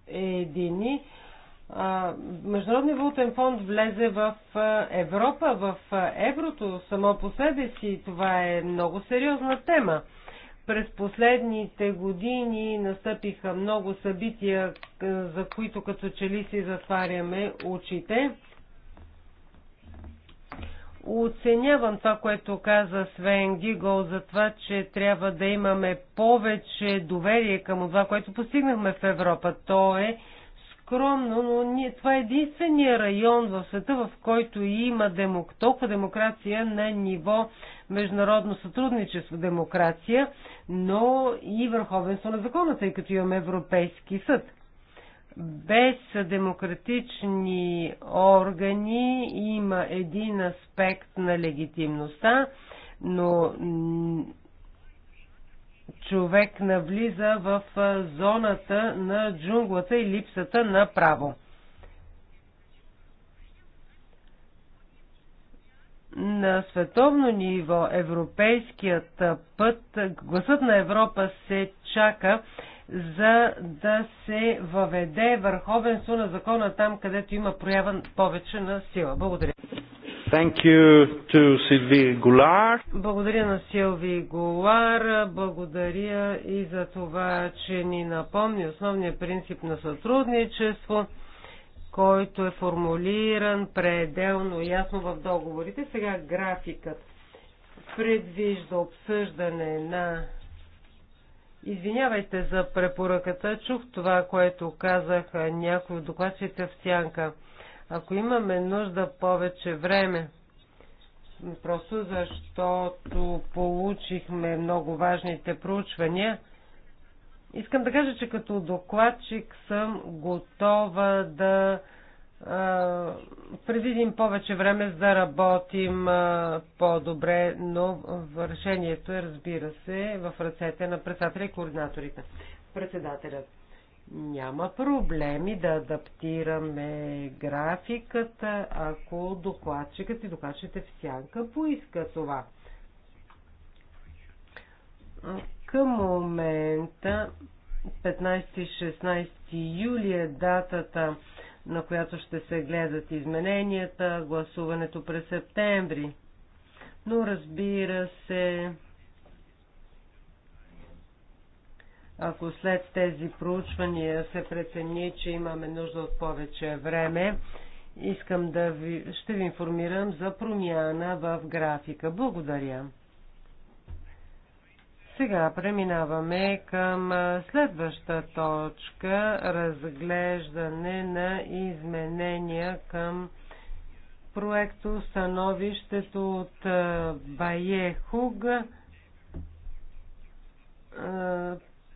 едини. Международният валутен фонд влезе в Европа, в еврото само по себе си. Това е много сериозна тема. През последните години настъпиха много събития, е, за които като че ли си затваряме очите. Оценявам това, което каза Свен Гигол за това, че трябва да имаме повече доверие към това, което постигнахме в Европа. То е скромно, но ние, това е единствения район в света, в който има демок, толкова демокрация на ниво международно сътрудничество, демокрация, но и върховенство на закона, тъй като имаме Европейски съд. Без демократични органи има един аспект на легитимността, но човек навлиза в зоната на джунглата и липсата на право. На световно ниво европейският път, гласът на Европа се чака за да се въведе върховенство на закона там, където има проява повече на сила. Благодаря. Thank you to Сильви Благодаря на Силви Голар. Благодаря и за това, че ни напомни основния принцип на сътрудничество, който е формулиран пределно ясно в договорите. Сега графикът предвижда обсъждане на Извинявайте за препоръката. Чух това, което казаха някои от докладчите в сянка. Ако имаме нужда повече време, просто защото получихме много важните проучвания, искам да кажа, че като докладчик съм готова да предвидим повече време, за да работим по-добре, но решението е, разбира се, в ръцете на председателя и координаторите. Председателят няма проблеми да адаптираме графиката, ако докладчикът и докладчите в сянка поиска това. Към момента 15-16 юли е датата, на която ще се гледат измененията, гласуването през септември. Но разбира се, Ако след тези проучвания се прецени, че имаме нужда от повече време, искам да ви, ще ви информирам за промяна в графика. Благодаря. Сега преминаваме към следваща точка разглеждане на изменения към проекто Становището от Бае Хуг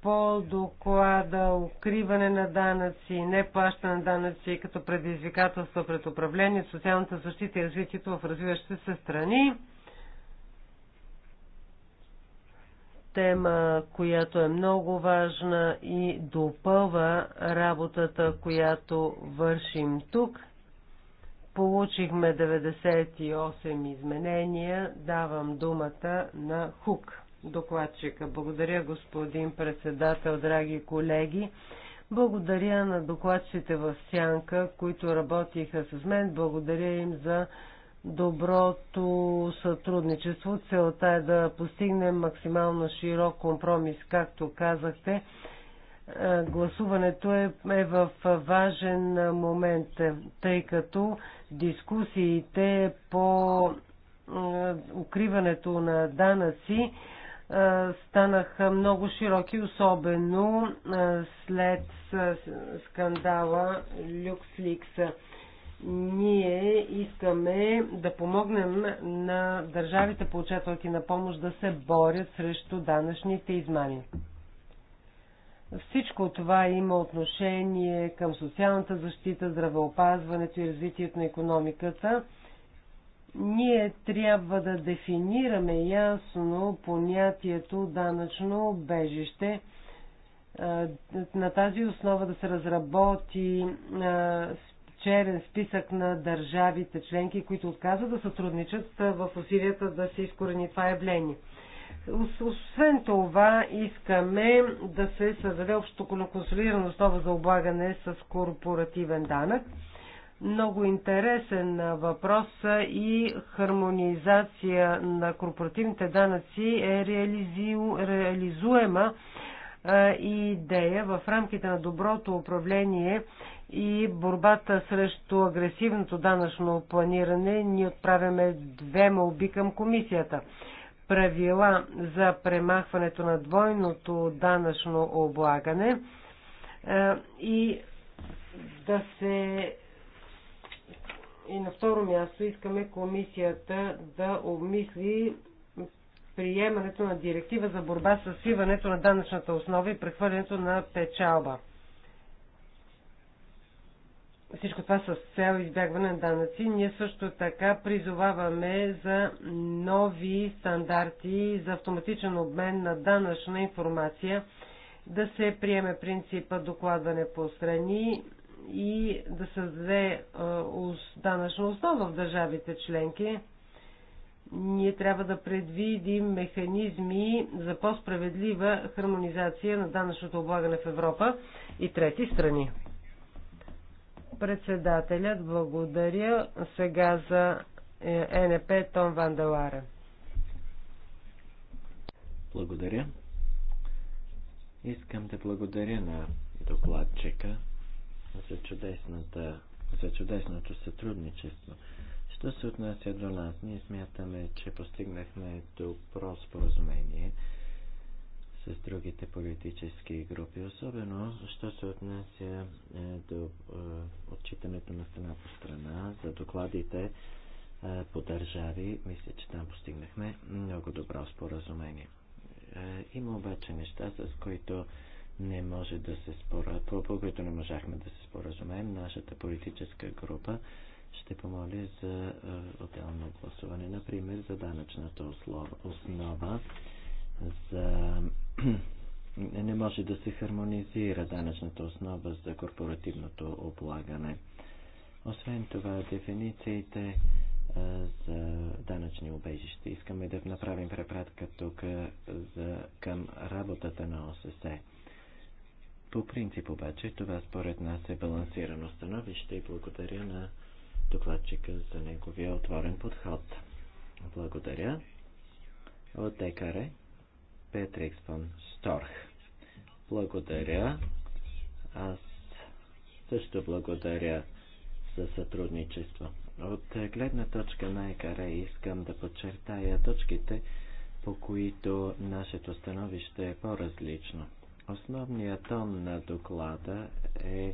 по доклада укриване на данъци, неплащане на данъци като предизвикателства пред управление, социалната защита и развитието в развиващите се страни. Тема, която е много важна и допълва работата, която вършим тук. Получихме 98 изменения. Давам думата на Хук докладчика. Благодаря, господин председател, драги колеги. Благодаря на докладчите в Сянка, които работиха с мен. Благодаря им за доброто сътрудничество. Целта е да постигнем максимално широк компромис, както казахте. Е, гласуването е, е в важен момент, тъй като дискусиите по е, укриването на данъци станаха много широки, особено след скандала LuxLeaks. Ние искаме да помогнем на държавите, получателки на помощ, да се борят срещу данъчните измами. Всичко това има отношение към социалната защита, здравеопазването и развитието на економиката – ние трябва да дефинираме ясно понятието данъчно обежище на тази основа да се разработи черен списък на държавите членки, които отказват да сътрудничат в усилията да се изкорени това явление. Освен това, искаме да се създаде общо консолидирана основа за облагане с корпоративен данък. Много интересен въпрос и хармонизация на корпоративните данъци е реализу... реализуема и идея в рамките на доброто управление и борбата срещу агресивното данъчно планиране, ние отправяме две молби към комисията. Правила за премахването на двойното данъчно облагане и да се и на второ място искаме комисията да обмисли приемането на директива за борба с свиването на данъчната основа и прехвърлянето на печалба. Всичко това с цел избягване на данъци. Ние също така призоваваме за нови стандарти за автоматичен обмен на данъчна информация, да се приеме принципа докладване по страни и да създаде данъчна основа в държавите членки. Ние трябва да предвидим механизми за по-справедлива хармонизация на данъчното облагане в Европа и трети страни. Председателят благодаря сега за е, НП Том Вандалара. Благодаря. Искам да благодаря на докладчика за, чудесната, за чудесното сътрудничество. Що се отнася до нас, ние смятаме, че постигнахме добро споразумение с другите политически групи, особено що се отнася е, до е, отчитането на страна по страна, за докладите е, по държави, мисля, че там постигнахме много добро споразумение. Е, има обаче неща, с които не може да се спора, по, които не можахме да се споразумеем, нашата политическа група ще помоли за е, отделно гласуване. Например, за данъчната основа, за... не може да се хармонизира данъчната основа за корпоративното облагане. Освен това, дефинициите е, за данъчни убежища. Искаме да направим препратка тук е, за, към работата на ОССЕ. По принцип обаче това според нас е балансирано становище и благодаря на докладчика за неговия отворен подход. Благодаря. От Декаре Петрикс фон Сторх. Благодаря. Аз също благодаря за сътрудничество. От гледна точка на Екаре искам да подчертая точките, по които нашето становище е по-различно. Основният тон на доклада е,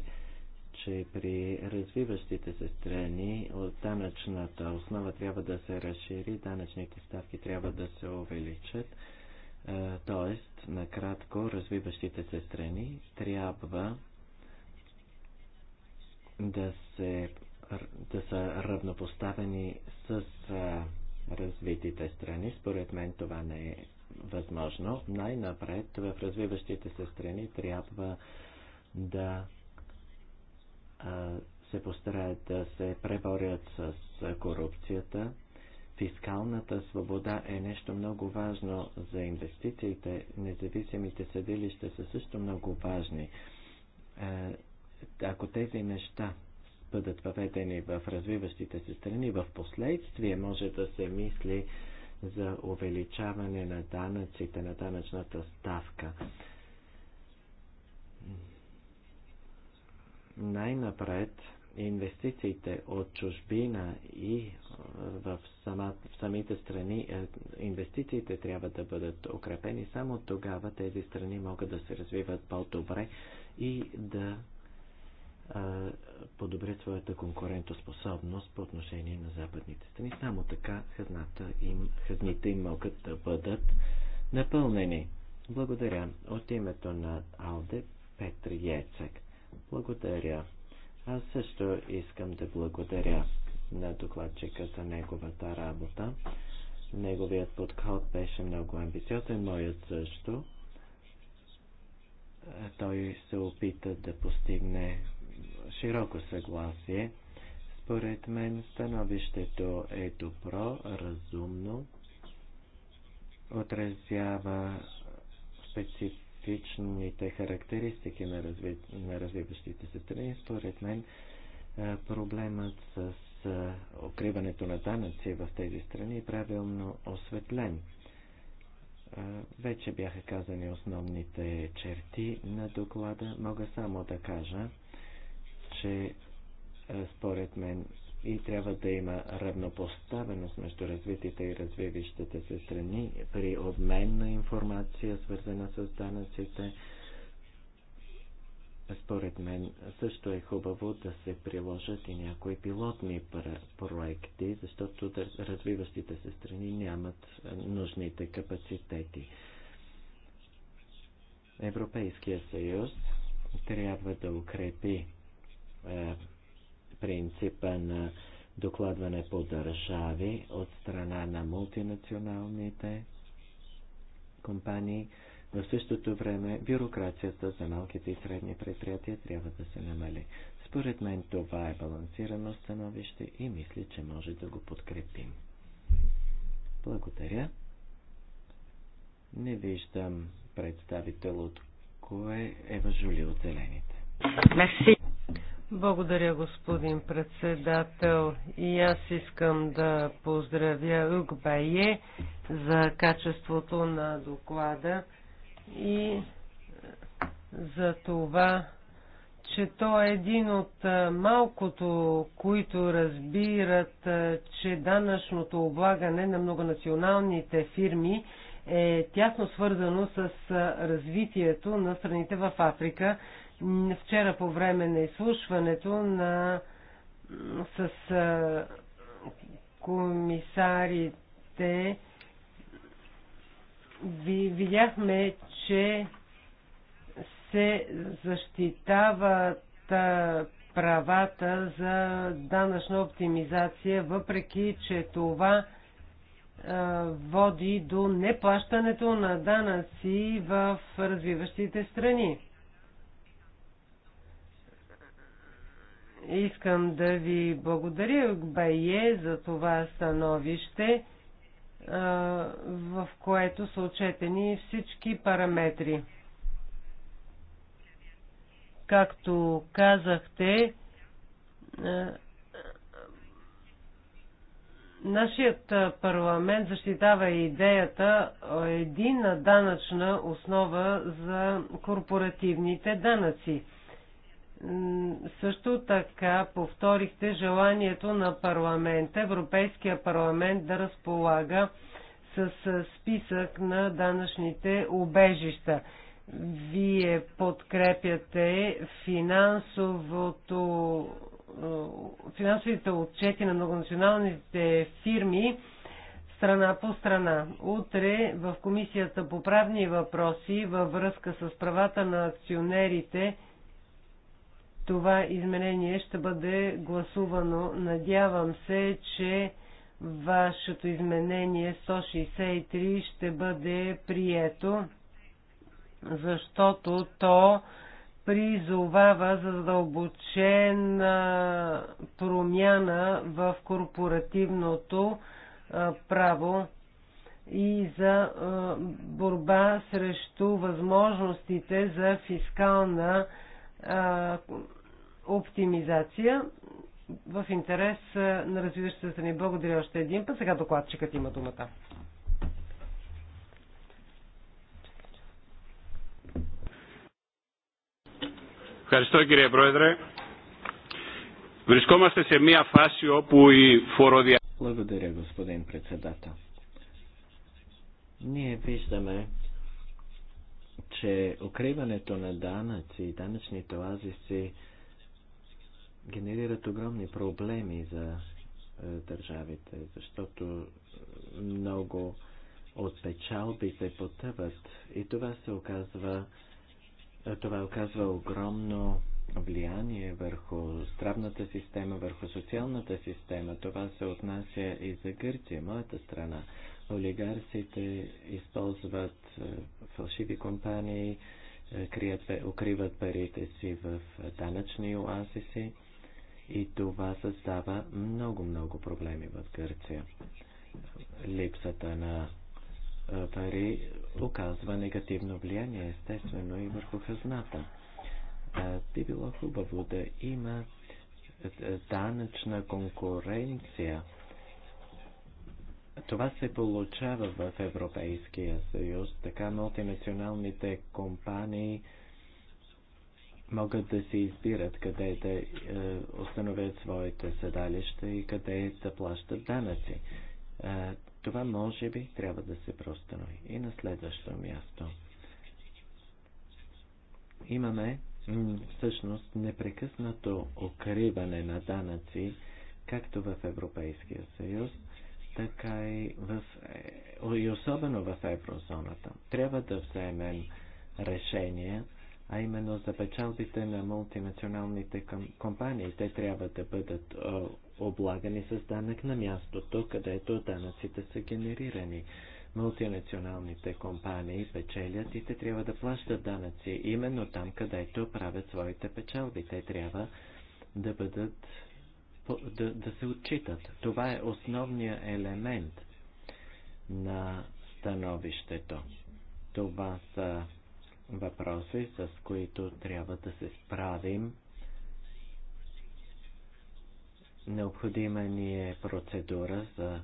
че при развиващите се страни от данъчната основа трябва да се разшири, данъчните ставки трябва да се увеличат, т.е. накратко развиващите се страни трябва да, се, да са равнопоставени с е, развитите страни. Според мен това не е възможно, най-напред в развиващите се страни трябва да се постараят да се преборят с корупцията. Фискалната свобода е нещо много важно за инвестициите. Независимите съдилища са също много важни. Ако тези неща бъдат въведени в развиващите се страни, в последствие може да се мисли за увеличаване на данъците, на данъчната ставка. Най-напред инвестициите от чужбина и в, сама, в самите страни, е, инвестициите трябва да бъдат укрепени. Само тогава тези страни могат да се развиват по-добре и да подобрят своята конкурентоспособност по отношение на западните страни. Само така хазната им, хазните им могат да бъдат напълнени. Благодаря. От името на Алде Петър Яцек. Благодаря. Аз също искам да благодаря на докладчика за неговата работа. Неговият подход беше много амбициозен, моят също. Той се опита да постигне широко съгласие. Според мен становището е добро, разумно, отразява специфичните характеристики на, разви... на развиващите се страни. Според мен проблемът с укриването на данъци в тези страни е правилно осветлен. Вече бяха казани основните черти на доклада. Мога само да кажа, че е, според мен и трябва да има равнопоставеност между развитите и развиващите се страни при обмен на информация, свързана с данъците. Според мен също е хубаво да се приложат и някои пилотни проекти, защото развиващите се страни нямат е, нужните капацитети. Европейския съюз трябва да укрепи е, принципа на докладване по държави от страна на мултинационалните компании. В същото време бюрокрацията за малките и средни предприятия трябва да се намали. Според мен това е балансирано становище и мисля, че може да го подкрепим. Благодаря. Не виждам представител от кое е въжули от Зелените. Мерси. Благодаря, господин председател. И аз искам да поздравя Угбае за качеството на доклада и е, за това, че той е един от е, малкото, които разбират, е, че данъчното облагане на многонационалните фирми е тясно свързано с развитието на страните в Африка Вчера по време на изслушването на, с комисарите ви, видяхме, че се защитават правата за данъчна оптимизация, въпреки че това води до неплащането на данъци в развиващите страни. Искам да ви благодаря, Бае, за това становище, в което са отчетени всички параметри. Както казахте, Нашият парламент защитава идеята единна данъчна основа за корпоративните данъци. Също така повторихте желанието на парламента, Европейския парламент да разполага с списък на данъчните убежища. Вие подкрепяте финансовото, финансовите отчети на многонационалните фирми страна по страна. Утре в Комисията по правни въпроси във връзка с правата на акционерите това изменение ще бъде гласувано. Надявам се, че вашето изменение 163 ще бъде прието, защото то призовава за задълбочена промяна в корпоративното право и за борба срещу възможностите за фискална оптимизация в интерес на развиващите страни. Благодаря още един път. Сега докладчикът има думата. Ευχαριστώ κύριε Πρόεδρε. Βρισκόμαστε σε μια φάση όπου η φοροδιά... Благодаря, господин председател. Ние виждаме, че укриването на данъци и данъчните оазиси генерират огромни проблеми за е, държавите, защото много от печалбите потъват и това се оказва е, това оказва огромно влияние върху здравната система, върху социалната система. Това се отнася и за Гърция, моята страна. Олигарсите използват е, фалшиви компании, крият, укриват парите си в данъчни оазиси. И това създава много-много проблеми в Гърция. Липсата на пари оказва негативно влияние, естествено, и върху хазната. Би било хубаво да има данъчна конкуренция. Това се получава в Европейския съюз. Така мултинационалните компании могат да се избират къде да е, установят своите седалища и къде да плащат данъци. Е, това може би трябва да се простанови. И на следващо място. Имаме всъщност непрекъснато укриване на данъци, както в Европейския съюз, така и, в, е, и особено в еврозоната. Трябва да вземем решения, а именно за печалбите на мултинационалните компании. Те трябва да бъдат облагани с данък на мястото, където данъците са генерирани. Мултинационалните компании печелят и те трябва да плащат данъци именно там, където правят своите печалби. Те трябва да бъдат да, да се отчитат. Това е основният елемент на становището. Това са въпроси, с които трябва да се справим. Необходима ни е процедура за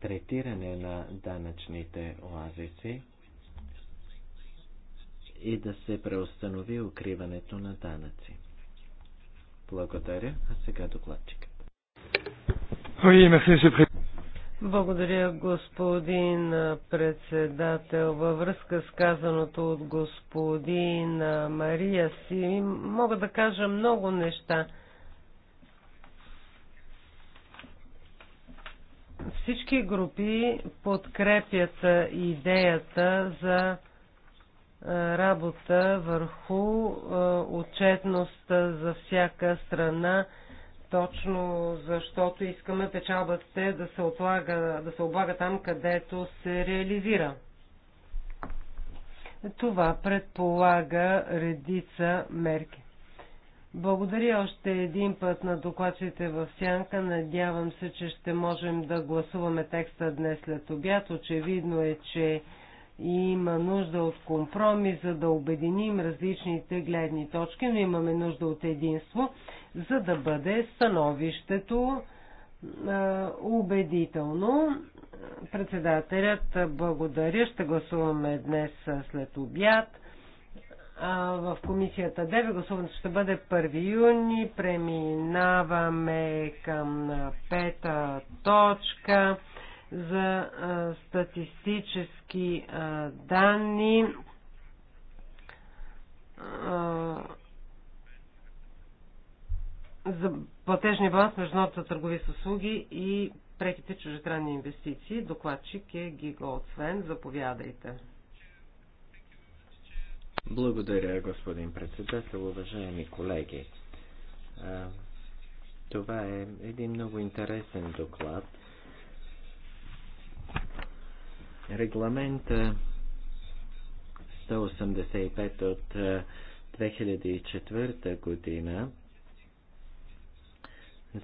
третиране на данъчните оазици, и да се преустанови укриването на данъци. Благодаря, а сега докладчикът. Благодаря, господин председател. Във връзка с казаното от господин Мария си, мога да кажа много неща. Всички групи подкрепят идеята за работа върху отчетността за всяка страна точно защото искаме печалбата да се, отлага, да се облага там, където се реализира. Това предполага редица мерки. Благодаря още един път на докладчите в Сянка. Надявам се, че ще можем да гласуваме текста днес след обяд. Очевидно е, че има нужда от компромис, за да обединим различните гледни точки, но имаме нужда от единство за да бъде становището убедително. Председателят благодаря. Ще гласуваме днес след обяд. В комисията 9 гласуването ще бъде 1 юни. Преминаваме към пета точка за статистически данни за платежния баланс международната търговия с услуги и преките чуждестранни инвестиции. Докладчик е Гиго Свен. Заповядайте. Благодаря, господин председател, уважаеми колеги. Това е един много интересен доклад. Регламент 185 от 2004 година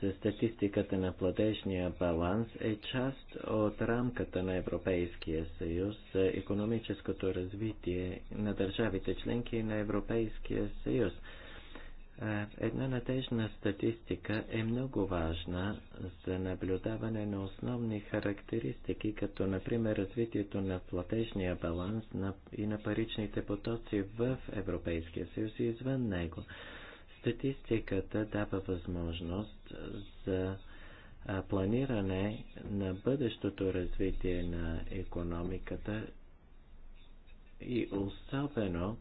за статистиката на платежния баланс е част от рамката на Европейския съюз за економическото развитие на държавите членки на Европейския съюз. Една надежна статистика е много важна за наблюдаване на основни характеристики, като например развитието на платежния баланс и на паричните потоци в Европейския съюз и извън него. Статистиката дава възможност за планиране на бъдещото развитие на економиката и особено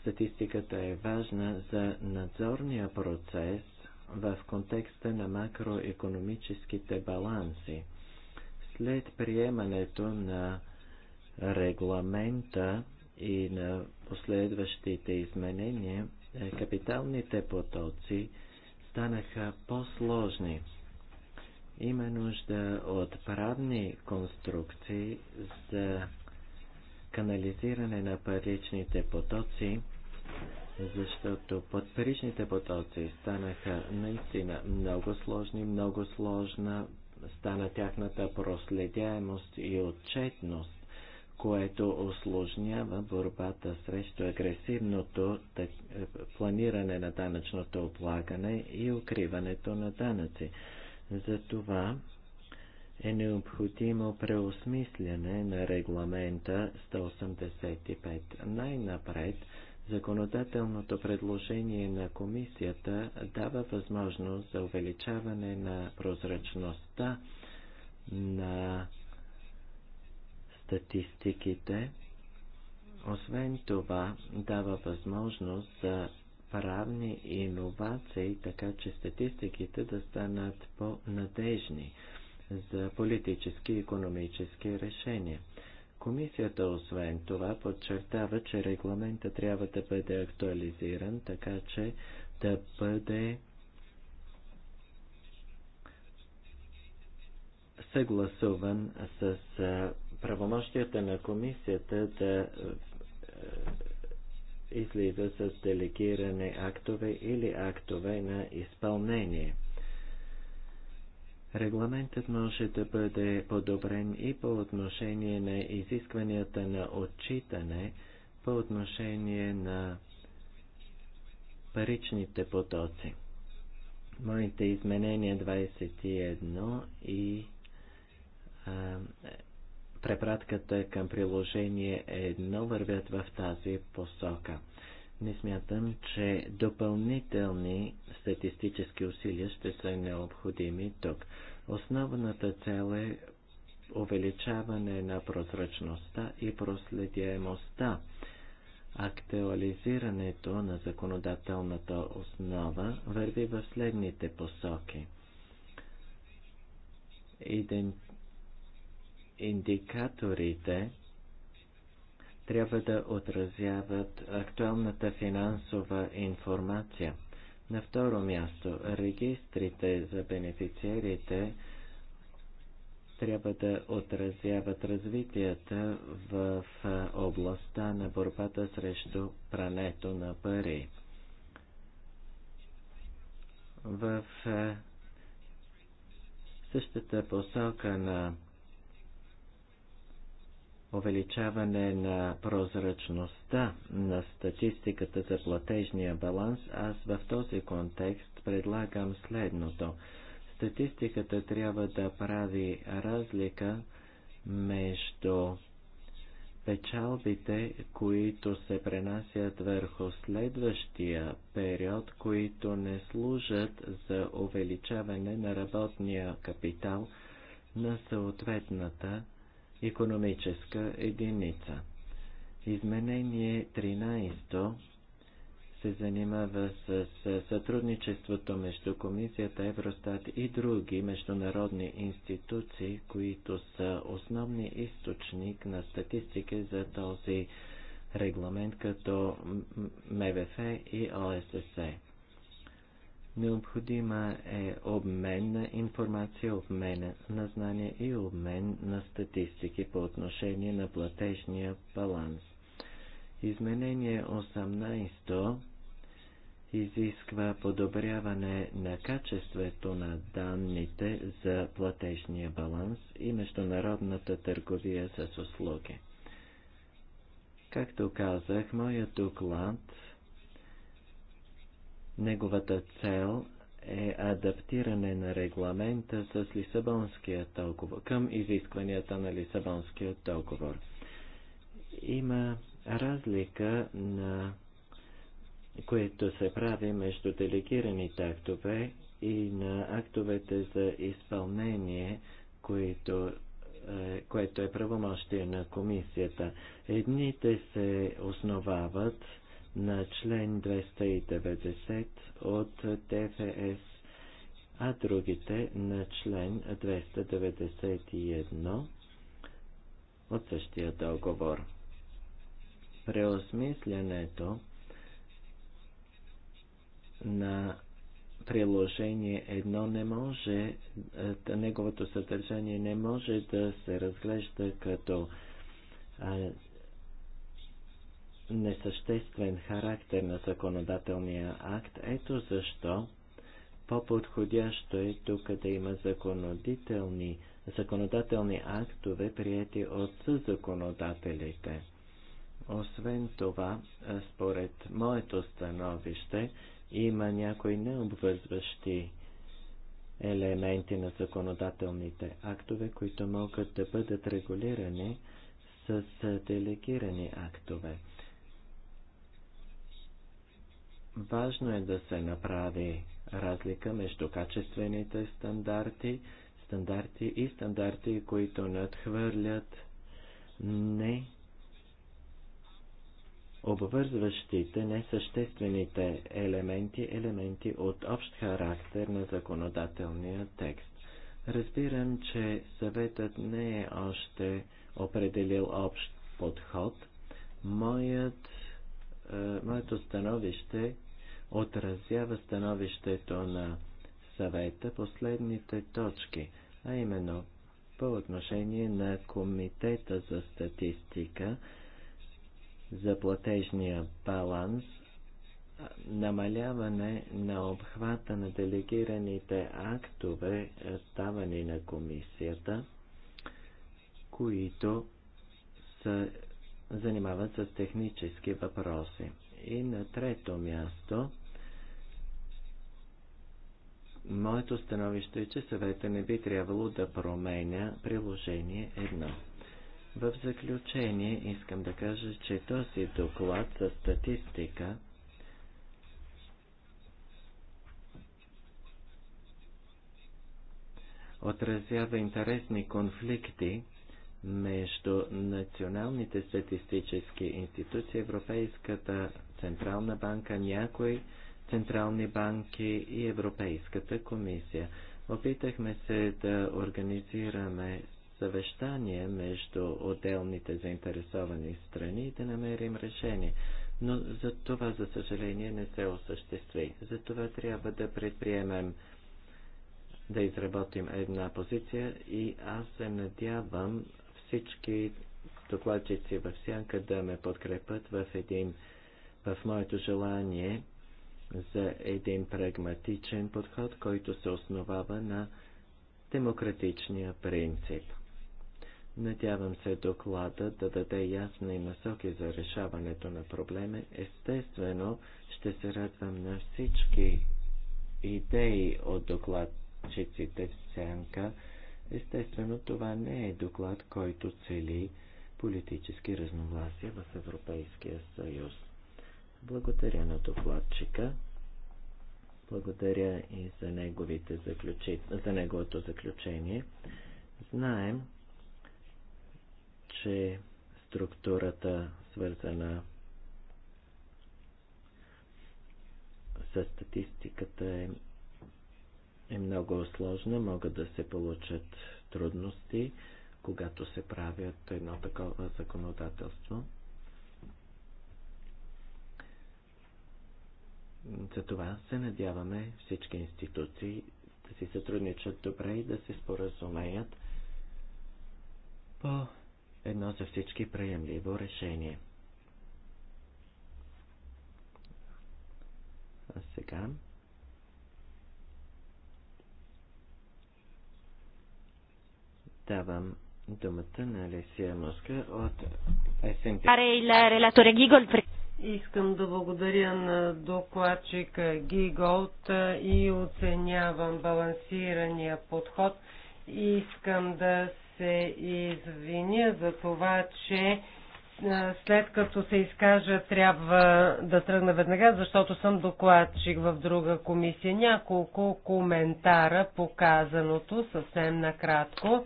статистиката е важна за надзорния процес в контекста на макроекономическите баланси. След приемането на регламента и на последващите изменения, е, капиталните потоци станаха по-сложни. Има нужда от правни конструкции за канализиране на паричните потоци, защото под паричните потоци станаха наистина много сложни, много сложна стана тяхната проследяемост и отчетност което осложнява борбата срещу агресивното планиране на данъчното облагане и укриването на данъци. Затова е необходимо преосмисляне на регламента 185. Най-напред, законодателното предложение на комисията дава възможност за увеличаване на прозрачността на статистиките. Освен това, дава възможност за правни иновации, така че статистиките да станат по-надежни за политически и економически решения. Комисията освен това подчертава, че регламента трябва да бъде актуализиран, така че да бъде съгласуван с правомощията на комисията да е, е, излиза с делегирани актове или актове на изпълнение. Регламентът може да бъде подобрен и по отношение на изискванията на отчитане, по отношение на паричните потоци. Моите изменения 21 и препратката към приложение едно вървят в тази посока. Не смятам, че допълнителни статистически усилия ще са необходими тук. Основната цел е увеличаване на прозрачността и проследяемостта. Актуализирането на законодателната основа върви в следните посоки. Иден индикаторите трябва да отразяват актуалната финансова информация. На второ място, регистрите за бенефициерите трябва да отразяват развитията в областта на борбата срещу прането на пари. В същата посока на увеличаване на прозрачността на статистиката за платежния баланс, аз в този контекст предлагам следното. Статистиката трябва да прави разлика между печалбите, които се пренасят върху следващия период, които не служат за увеличаване на работния капитал на съответната економическа единица. Изменение 13 се занимава с сътрудничеството между Комисията Евростат и други международни институции, които са основни източник на статистики за този регламент като МВФ и ОССЕ. Необходима е обмен на информация, обмен на знания и обмен на статистики по отношение на платежния баланс. Изменение 18 изисква подобряване на качеството на данните за платежния баланс и международната търговия с услуги. Както казах, моят доклад Неговата цел е адаптиране на регламента с Лисабонския договор, към изискванията на Лисабонския договор. Има разлика на което се прави между делегираните актове и на актовете за изпълнение, които, е, което е правомощие на комисията. Едните се основават на член 290 от ТФС, а другите на член 291 от същия договор. Преосмислянето на приложение едно не може, е, неговото съдържание не може да се разглежда като несъществен характер на законодателния акт. Ето защо по-подходящо е тук да има законодателни, законодателни актове, прияти от законодателите. Освен това, според моето становище, има някои необвързващи елементи на законодателните актове, които могат да бъдат регулирани с делегирани актове. Важно е да се направи разлика между качествените стандарти, стандарти и стандарти, които надхвърлят не обвързващите несъществените елементи, елементи от общ характер на законодателния текст. Разбирам, че съветът не е още определил общ подход. Моят, е, моето становище отразява становището на съвета последните точки, а именно по отношение на Комитета за статистика за платежния баланс, намаляване на обхвата на делегираните актове, ставани на комисията, които се занимават с технически въпроси. И на трето място – Моето становище е, че съвета не би трябвало да променя приложение едно. В заключение искам да кажа, че този доклад за статистика отразява интересни конфликти между националните статистически институции, Европейската Централна банка, някои централни банки и Европейската комисия. Опитахме се да организираме съвещание между отделните заинтересовани страни и да намерим решение. Но за това, за съжаление, не се осъществи. За това трябва да предприемем да изработим една позиция и аз се надявам всички докладчици в сянка да ме подкрепят в един в моето желание за един прагматичен подход, който се основава на демократичния принцип. Надявам се доклада да даде ясни насоки за решаването на проблеми. Естествено, ще се радвам на всички идеи от докладчиците в сянка. Естествено, това не е доклад, който цели политически разногласия в Европейския съюз. Благодаря на докладчика. Благодаря и за, неговите заключи... за неговото заключение. Знаем, че структурата, свързана с статистиката, е, е много сложна. Могат да се получат трудности, когато се правят едно такова законодателство. Затова се надяваме всички институции да си сътрудничат добре и да се споразумеят по едно за всички приемливо решение. А сега давам думата на Алесия Моска от СНТ. Искам да благодаря на докладчика Гиголт и оценявам балансирания подход. Искам да се извиня за това, че след като се изкажа, трябва да тръгна веднага, защото съм докладчик в друга комисия. Няколко коментара показаното съвсем накратко.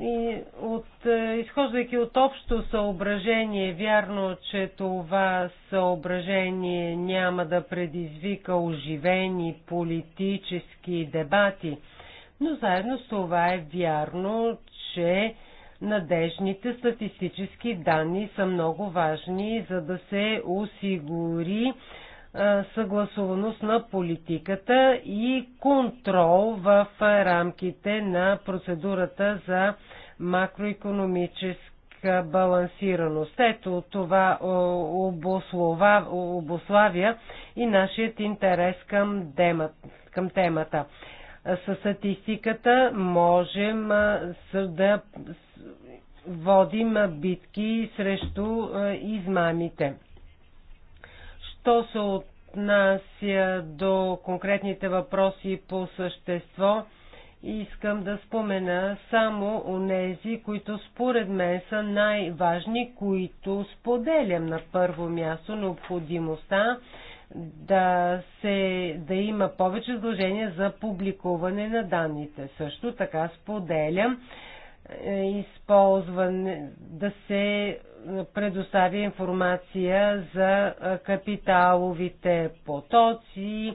И от, е, изхождайки от общо съображение, вярно, че това съображение няма да предизвика оживени политически дебати, но заедно с това е вярно, че надежните статистически данни са много важни, за да се осигури е, съгласуваност на политиката и контрол в рамките на процедурата за макроекономическа балансираност. Ето това е, обослова, обославя и нашият интерес към, демат, към темата. С статистиката можем е, да водим битки срещу измамите. То се отнася до конкретните въпроси по същество. Искам да спомена само онези, които според мен са най-важни, които споделям на първо място необходимостта да, се, да има повече задължения за публикуване на данните. Също така споделям е, използване, да се предоставя информация за е, капиталовите потоци,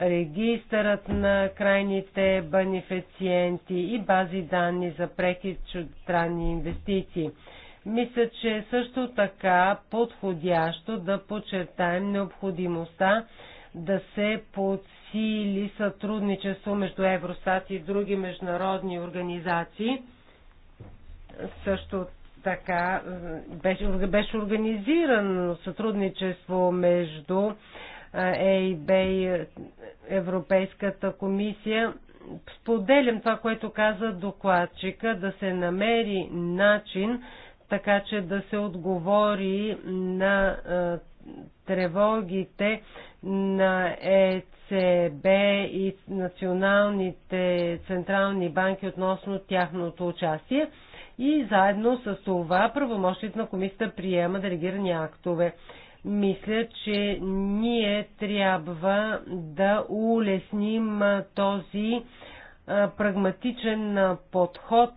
регистърът на крайните бенефициенти и бази данни за преки чуждестранни инвестиции. Мисля, че е също така подходящо да подчертаем необходимостта да се подсили сътрудничество между Евростат и други международни организации – също така беше, беше организирано сътрудничество между ЕИБ и Европейската комисия. Споделям това, което каза докладчика, да се намери начин, така че да се отговори на тревогите на ЕЦБ и националните централни банки относно тяхното участие и заедно с това правомощието на комисията приема делегирани актове. Мисля, че ние трябва да улесним този прагматичен подход,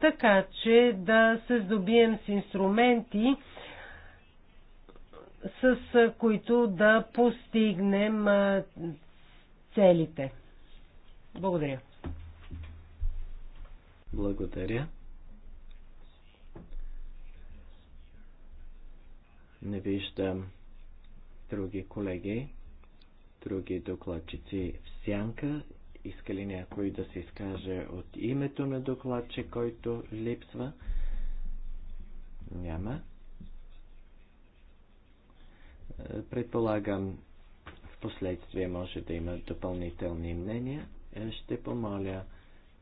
така че да се здобием с инструменти, с които да постигнем целите. Благодаря. Благодаря. Не виждам други колеги, други докладчици в сянка. Иска ли някой да се изкаже от името на докладче, който липсва? Няма. Предполагам, в последствие може да има допълнителни мнения. Ще помоля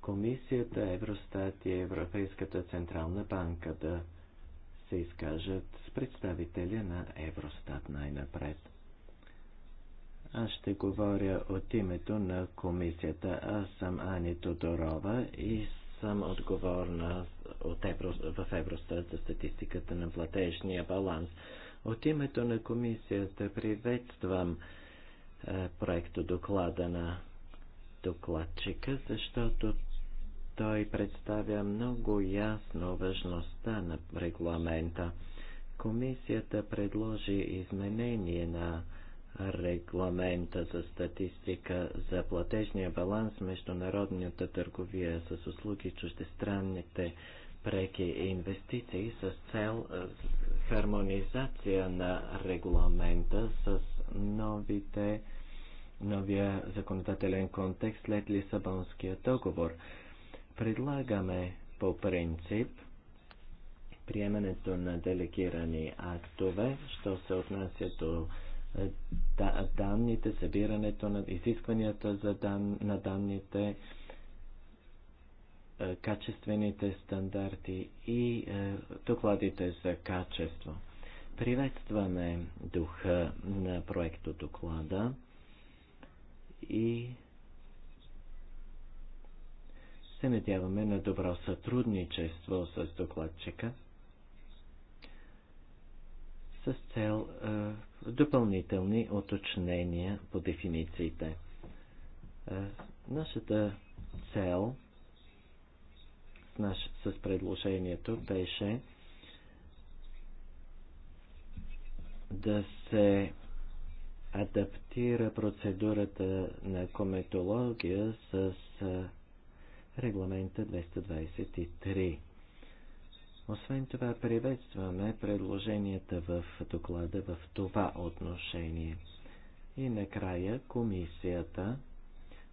Комисията, Евростат и Европейската Централна банка да се изкажат с представителя на Евростат най-напред. Аз ще говоря от името на комисията. Аз съм Ани Тодорова и съм отговорна от Евро... в Евростат за статистиката на платежния баланс. От името на комисията приветствам е, проекто доклада на докладчика, защото той представя много ясно важността на регламента. Комисията предложи изменение на регламента за статистика за платежния баланс международната търговия с услуги чуждестранните преки инвестиции с цел хармонизация на регламента с новите, новия законодателен контекст след Лисабонския договор. Предлагаме по принцип приемането на делегирани актове, що се отнася до е, данните, събирането на изискванията за дан, на данните, е, качествените стандарти и е, докладите за качество. Приветстваме духа на проекто доклада и се надяваме на добро сътрудничество с докладчика с цел е, допълнителни уточнения по дефинициите. Е, нашата цел с, наш, с предложението беше да се адаптира процедурата на кометология с е, регламента 223. Освен това, приветстваме предложенията в доклада в това отношение. И накрая комисията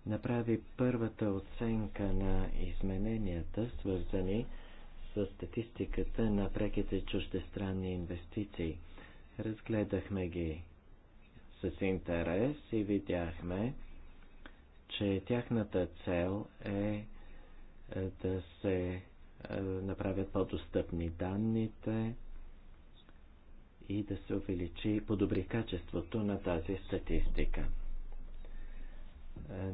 направи първата оценка на измененията, свързани с статистиката на преките чуждестранни инвестиции. Разгледахме ги с интерес и видяхме, че тяхната цел е е, да се е, направят по-достъпни данните и да се увеличи, подобри качеството на тази статистика. Е,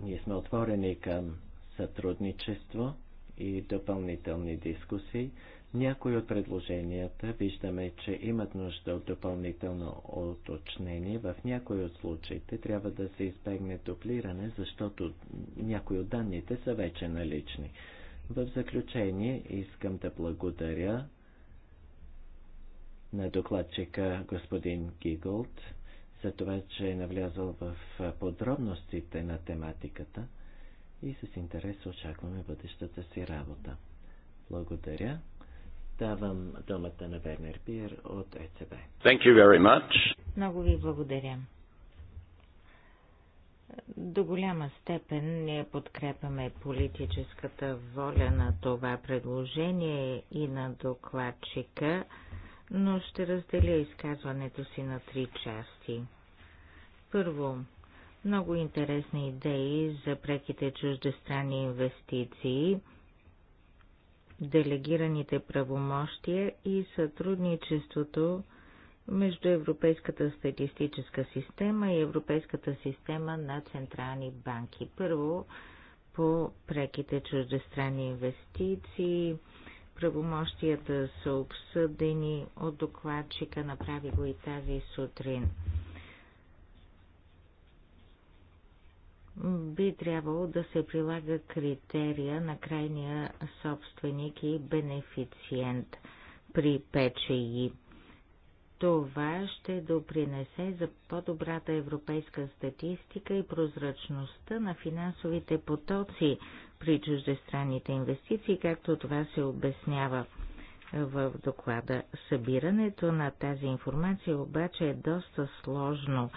ние сме отворени към сътрудничество и допълнителни дискусии. Някои от предложенията виждаме, че имат нужда от допълнително уточнение. В някои от случаите трябва да се избегне дуплиране, защото някои от данните са вече налични. В заключение искам да благодаря на докладчика господин Гиголд за това, че е навлязъл в подробностите на тематиката и с интерес очакваме бъдещата си работа. Благодаря. Давам думата на Вернер Пиер от ЕЦБ. Thank you very much. Много ви благодаря. До голяма степен ние подкрепяме политическата воля на това предложение и на докладчика, но ще разделя изказването си на три части. Първо, много интересни идеи за преките чуждестранни инвестиции – делегираните правомощия и сътрудничеството между Европейската статистическа система и Европейската система на централни банки. Първо, по преките чуждестранни инвестиции, правомощията са обсъдени от докладчика, направи го и тази сутрин. би трябвало да се прилага критерия на крайния собственик и бенефициент при ПЧИ. Това ще допринесе за по-добрата европейска статистика и прозрачността на финансовите потоци при чуждестранните инвестиции, както това се обяснява в доклада. Събирането на тази информация обаче е доста сложно,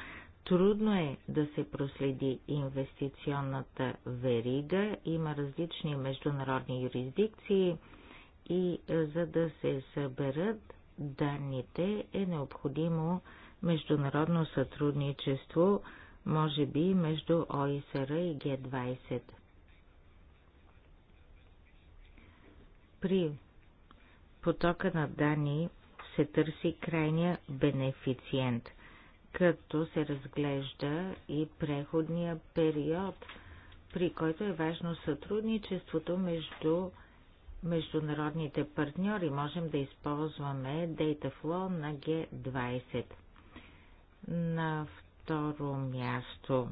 Трудно е да се проследи инвестиционната верига, има различни международни юрисдикции и е, за да се съберат данните е необходимо международно сътрудничество, може би между ОИСР и Г-20. При потока на данни се търси крайния бенефициент – като се разглежда и преходния период, при който е важно сътрудничеството между международните партньори. Можем да използваме Data Flow на G20. На второ място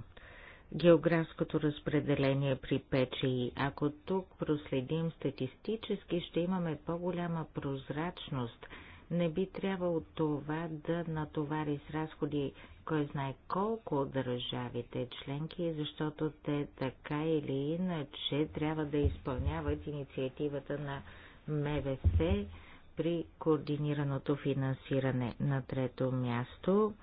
географското разпределение при ПЧИ. Ако тук проследим статистически, ще имаме по-голяма прозрачност – не би трябвало това да натовари с разходи кой знае колко от държавите членки, защото те така или иначе трябва да изпълняват инициативата на МВФ при координираното финансиране на трето място.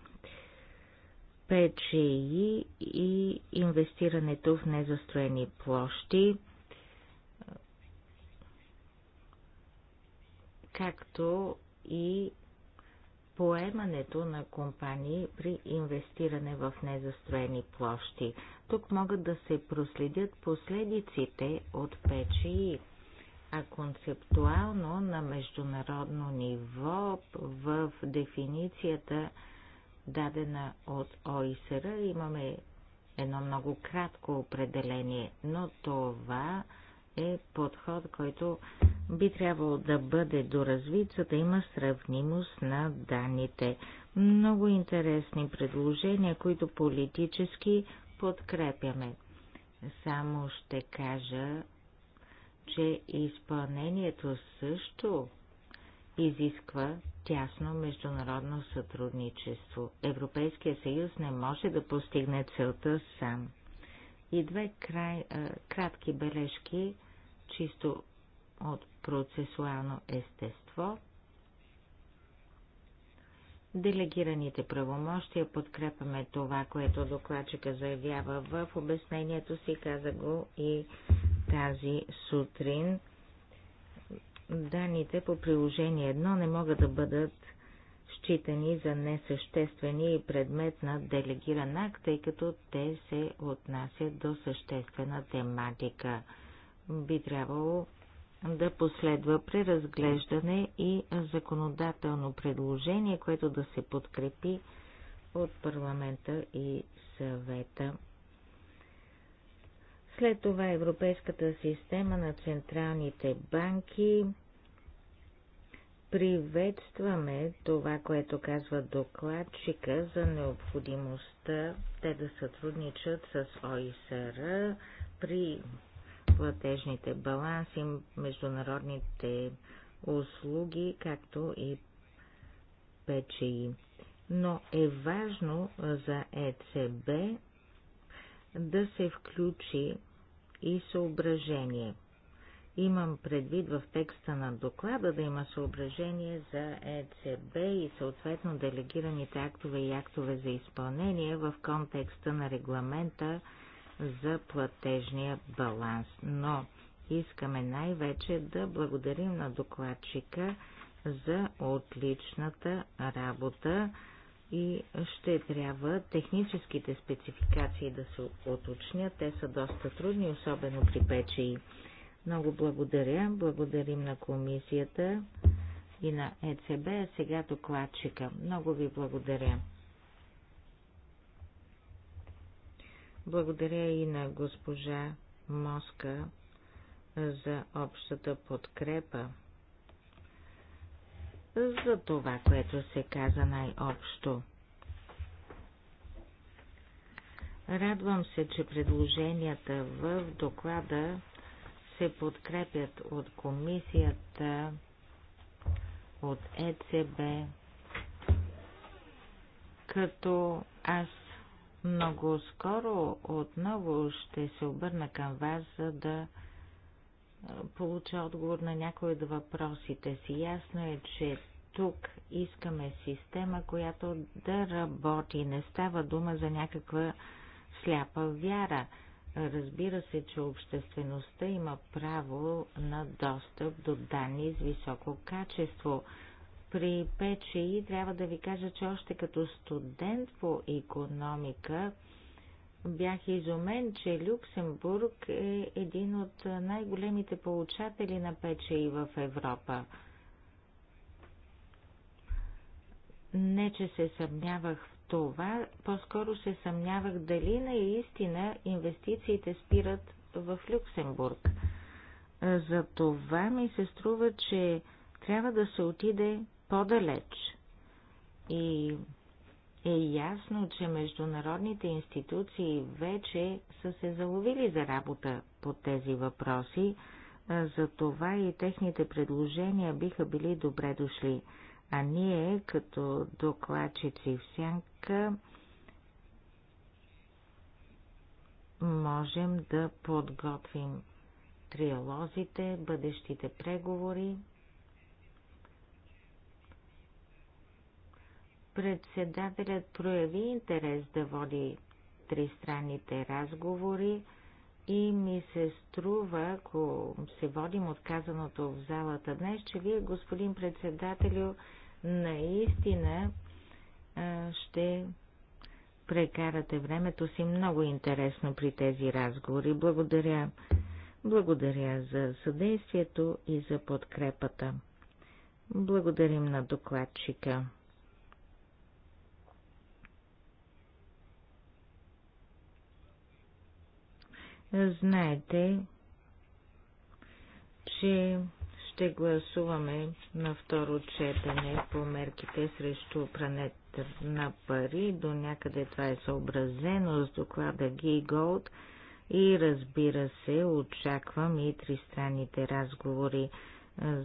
ПЧИ и инвестирането в незастроени площи, както и поемането на компании при инвестиране в незастроени площи. Тук могат да се проследят последиците от печи, а концептуално на международно ниво в дефиницията дадена от ОИСР имаме едно много кратко определение, но това е е подход, който би трябвало да бъде доразвит, за да има сравнимост на данните. Много интересни предложения, които политически подкрепяме. Само ще кажа, че изпълнението също изисква тясно международно сътрудничество. Европейския съюз не може да постигне целта сам. И две край, кратки бележки, чисто от процесуално естество. Делегираните правомощия подкрепяме това, което докладчика заявява в обяснението си, каза го и тази сутрин. Даните по приложение 1 не могат да бъдат считани за несъществени и предмет на делегиран акт, тъй като те се отнасят до съществена тематика. Би трябвало да последва преразглеждане и законодателно предложение, което да се подкрепи от парламента и съвета. След това Европейската система на централните банки Приветстваме това, което казва докладчика за необходимостта те да сътрудничат с ОИСР при платежните баланси, международните услуги, както и ПЧИ. Но е важно за ЕЦБ да се включи и съображение – Имам предвид в текста на доклада да има съображение за ЕЦБ и съответно делегираните актове и актове за изпълнение в контекста на регламента за платежния баланс. Но искаме най-вече да благодарим на докладчика за отличната работа и ще трябва техническите спецификации да се оточнят. Те са доста трудни, особено при печи много благодаря. Благодарим на комисията и на ЕЦБ, а сега докладчика. Много ви благодаря. Благодаря и на госпожа Моска за общата подкрепа за това, което се каза най-общо. Радвам се, че предложенията в доклада се подкрепят от комисията, от ЕЦБ, като аз много скоро отново ще се обърна към вас, за да получа отговор на някои от въпросите си. Ясно е, че тук искаме система, която да работи. Не става дума за някаква сляпа вяра. Разбира се, че обществеността има право на достъп до данни с високо качество. При ПЧИ трябва да ви кажа, че още като студент по економика бях изумен, че Люксембург е един от най-големите получатели на ПЧИ в Европа. Не, че се съмнявах в това по-скоро се съмнявах дали наистина инвестициите спират в Люксембург. За това ми се струва, че трябва да се отиде по-далеч. И е ясно, че международните институции вече са се заловили за работа по тези въпроси, За това и техните предложения биха били добре дошли. А ние, като докладчици в сянка, можем да подготвим триалозите, бъдещите преговори. Председателят прояви интерес да води тристранните разговори и ми се струва, ако се водим отказаното в залата днес, че вие, господин председателю, Наистина ще прекарате времето си много интересно при тези разговори. Благодаря. Благодаря за съдействието и за подкрепата. Благодарим на докладчика. Знаете, че ще гласуваме на второ четене по мерките срещу пранет на пари. До някъде това е съобразено с доклада Гиголд и разбира се, очаквам и тристранните разговори,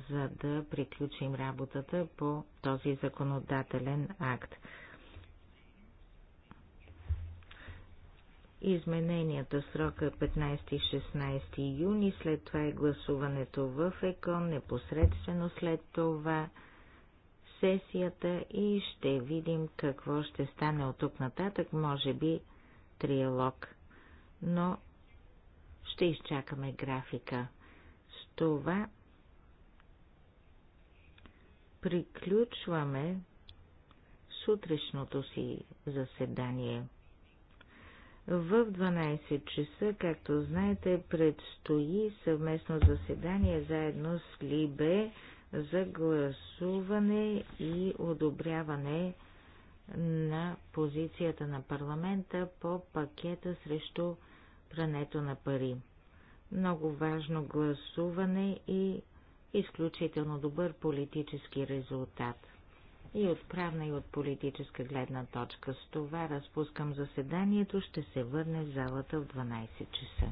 за да приключим работата по този законодателен акт. Измененията срока 15-16 е юни, след това е гласуването в ЕКОН, непосредствено след това сесията и ще видим какво ще стане от тук нататък, може би триалог. Но ще изчакаме графика. С това приключваме сутрешното си заседание. В 12 часа, както знаете, предстои съвместно заседание заедно с Либе за гласуване и одобряване на позицията на парламента по пакета срещу прането на пари. Много важно гласуване и изключително добър политически резултат и от правна и от политическа гледна точка. С това разпускам заседанието, ще се върне в залата в 12 часа.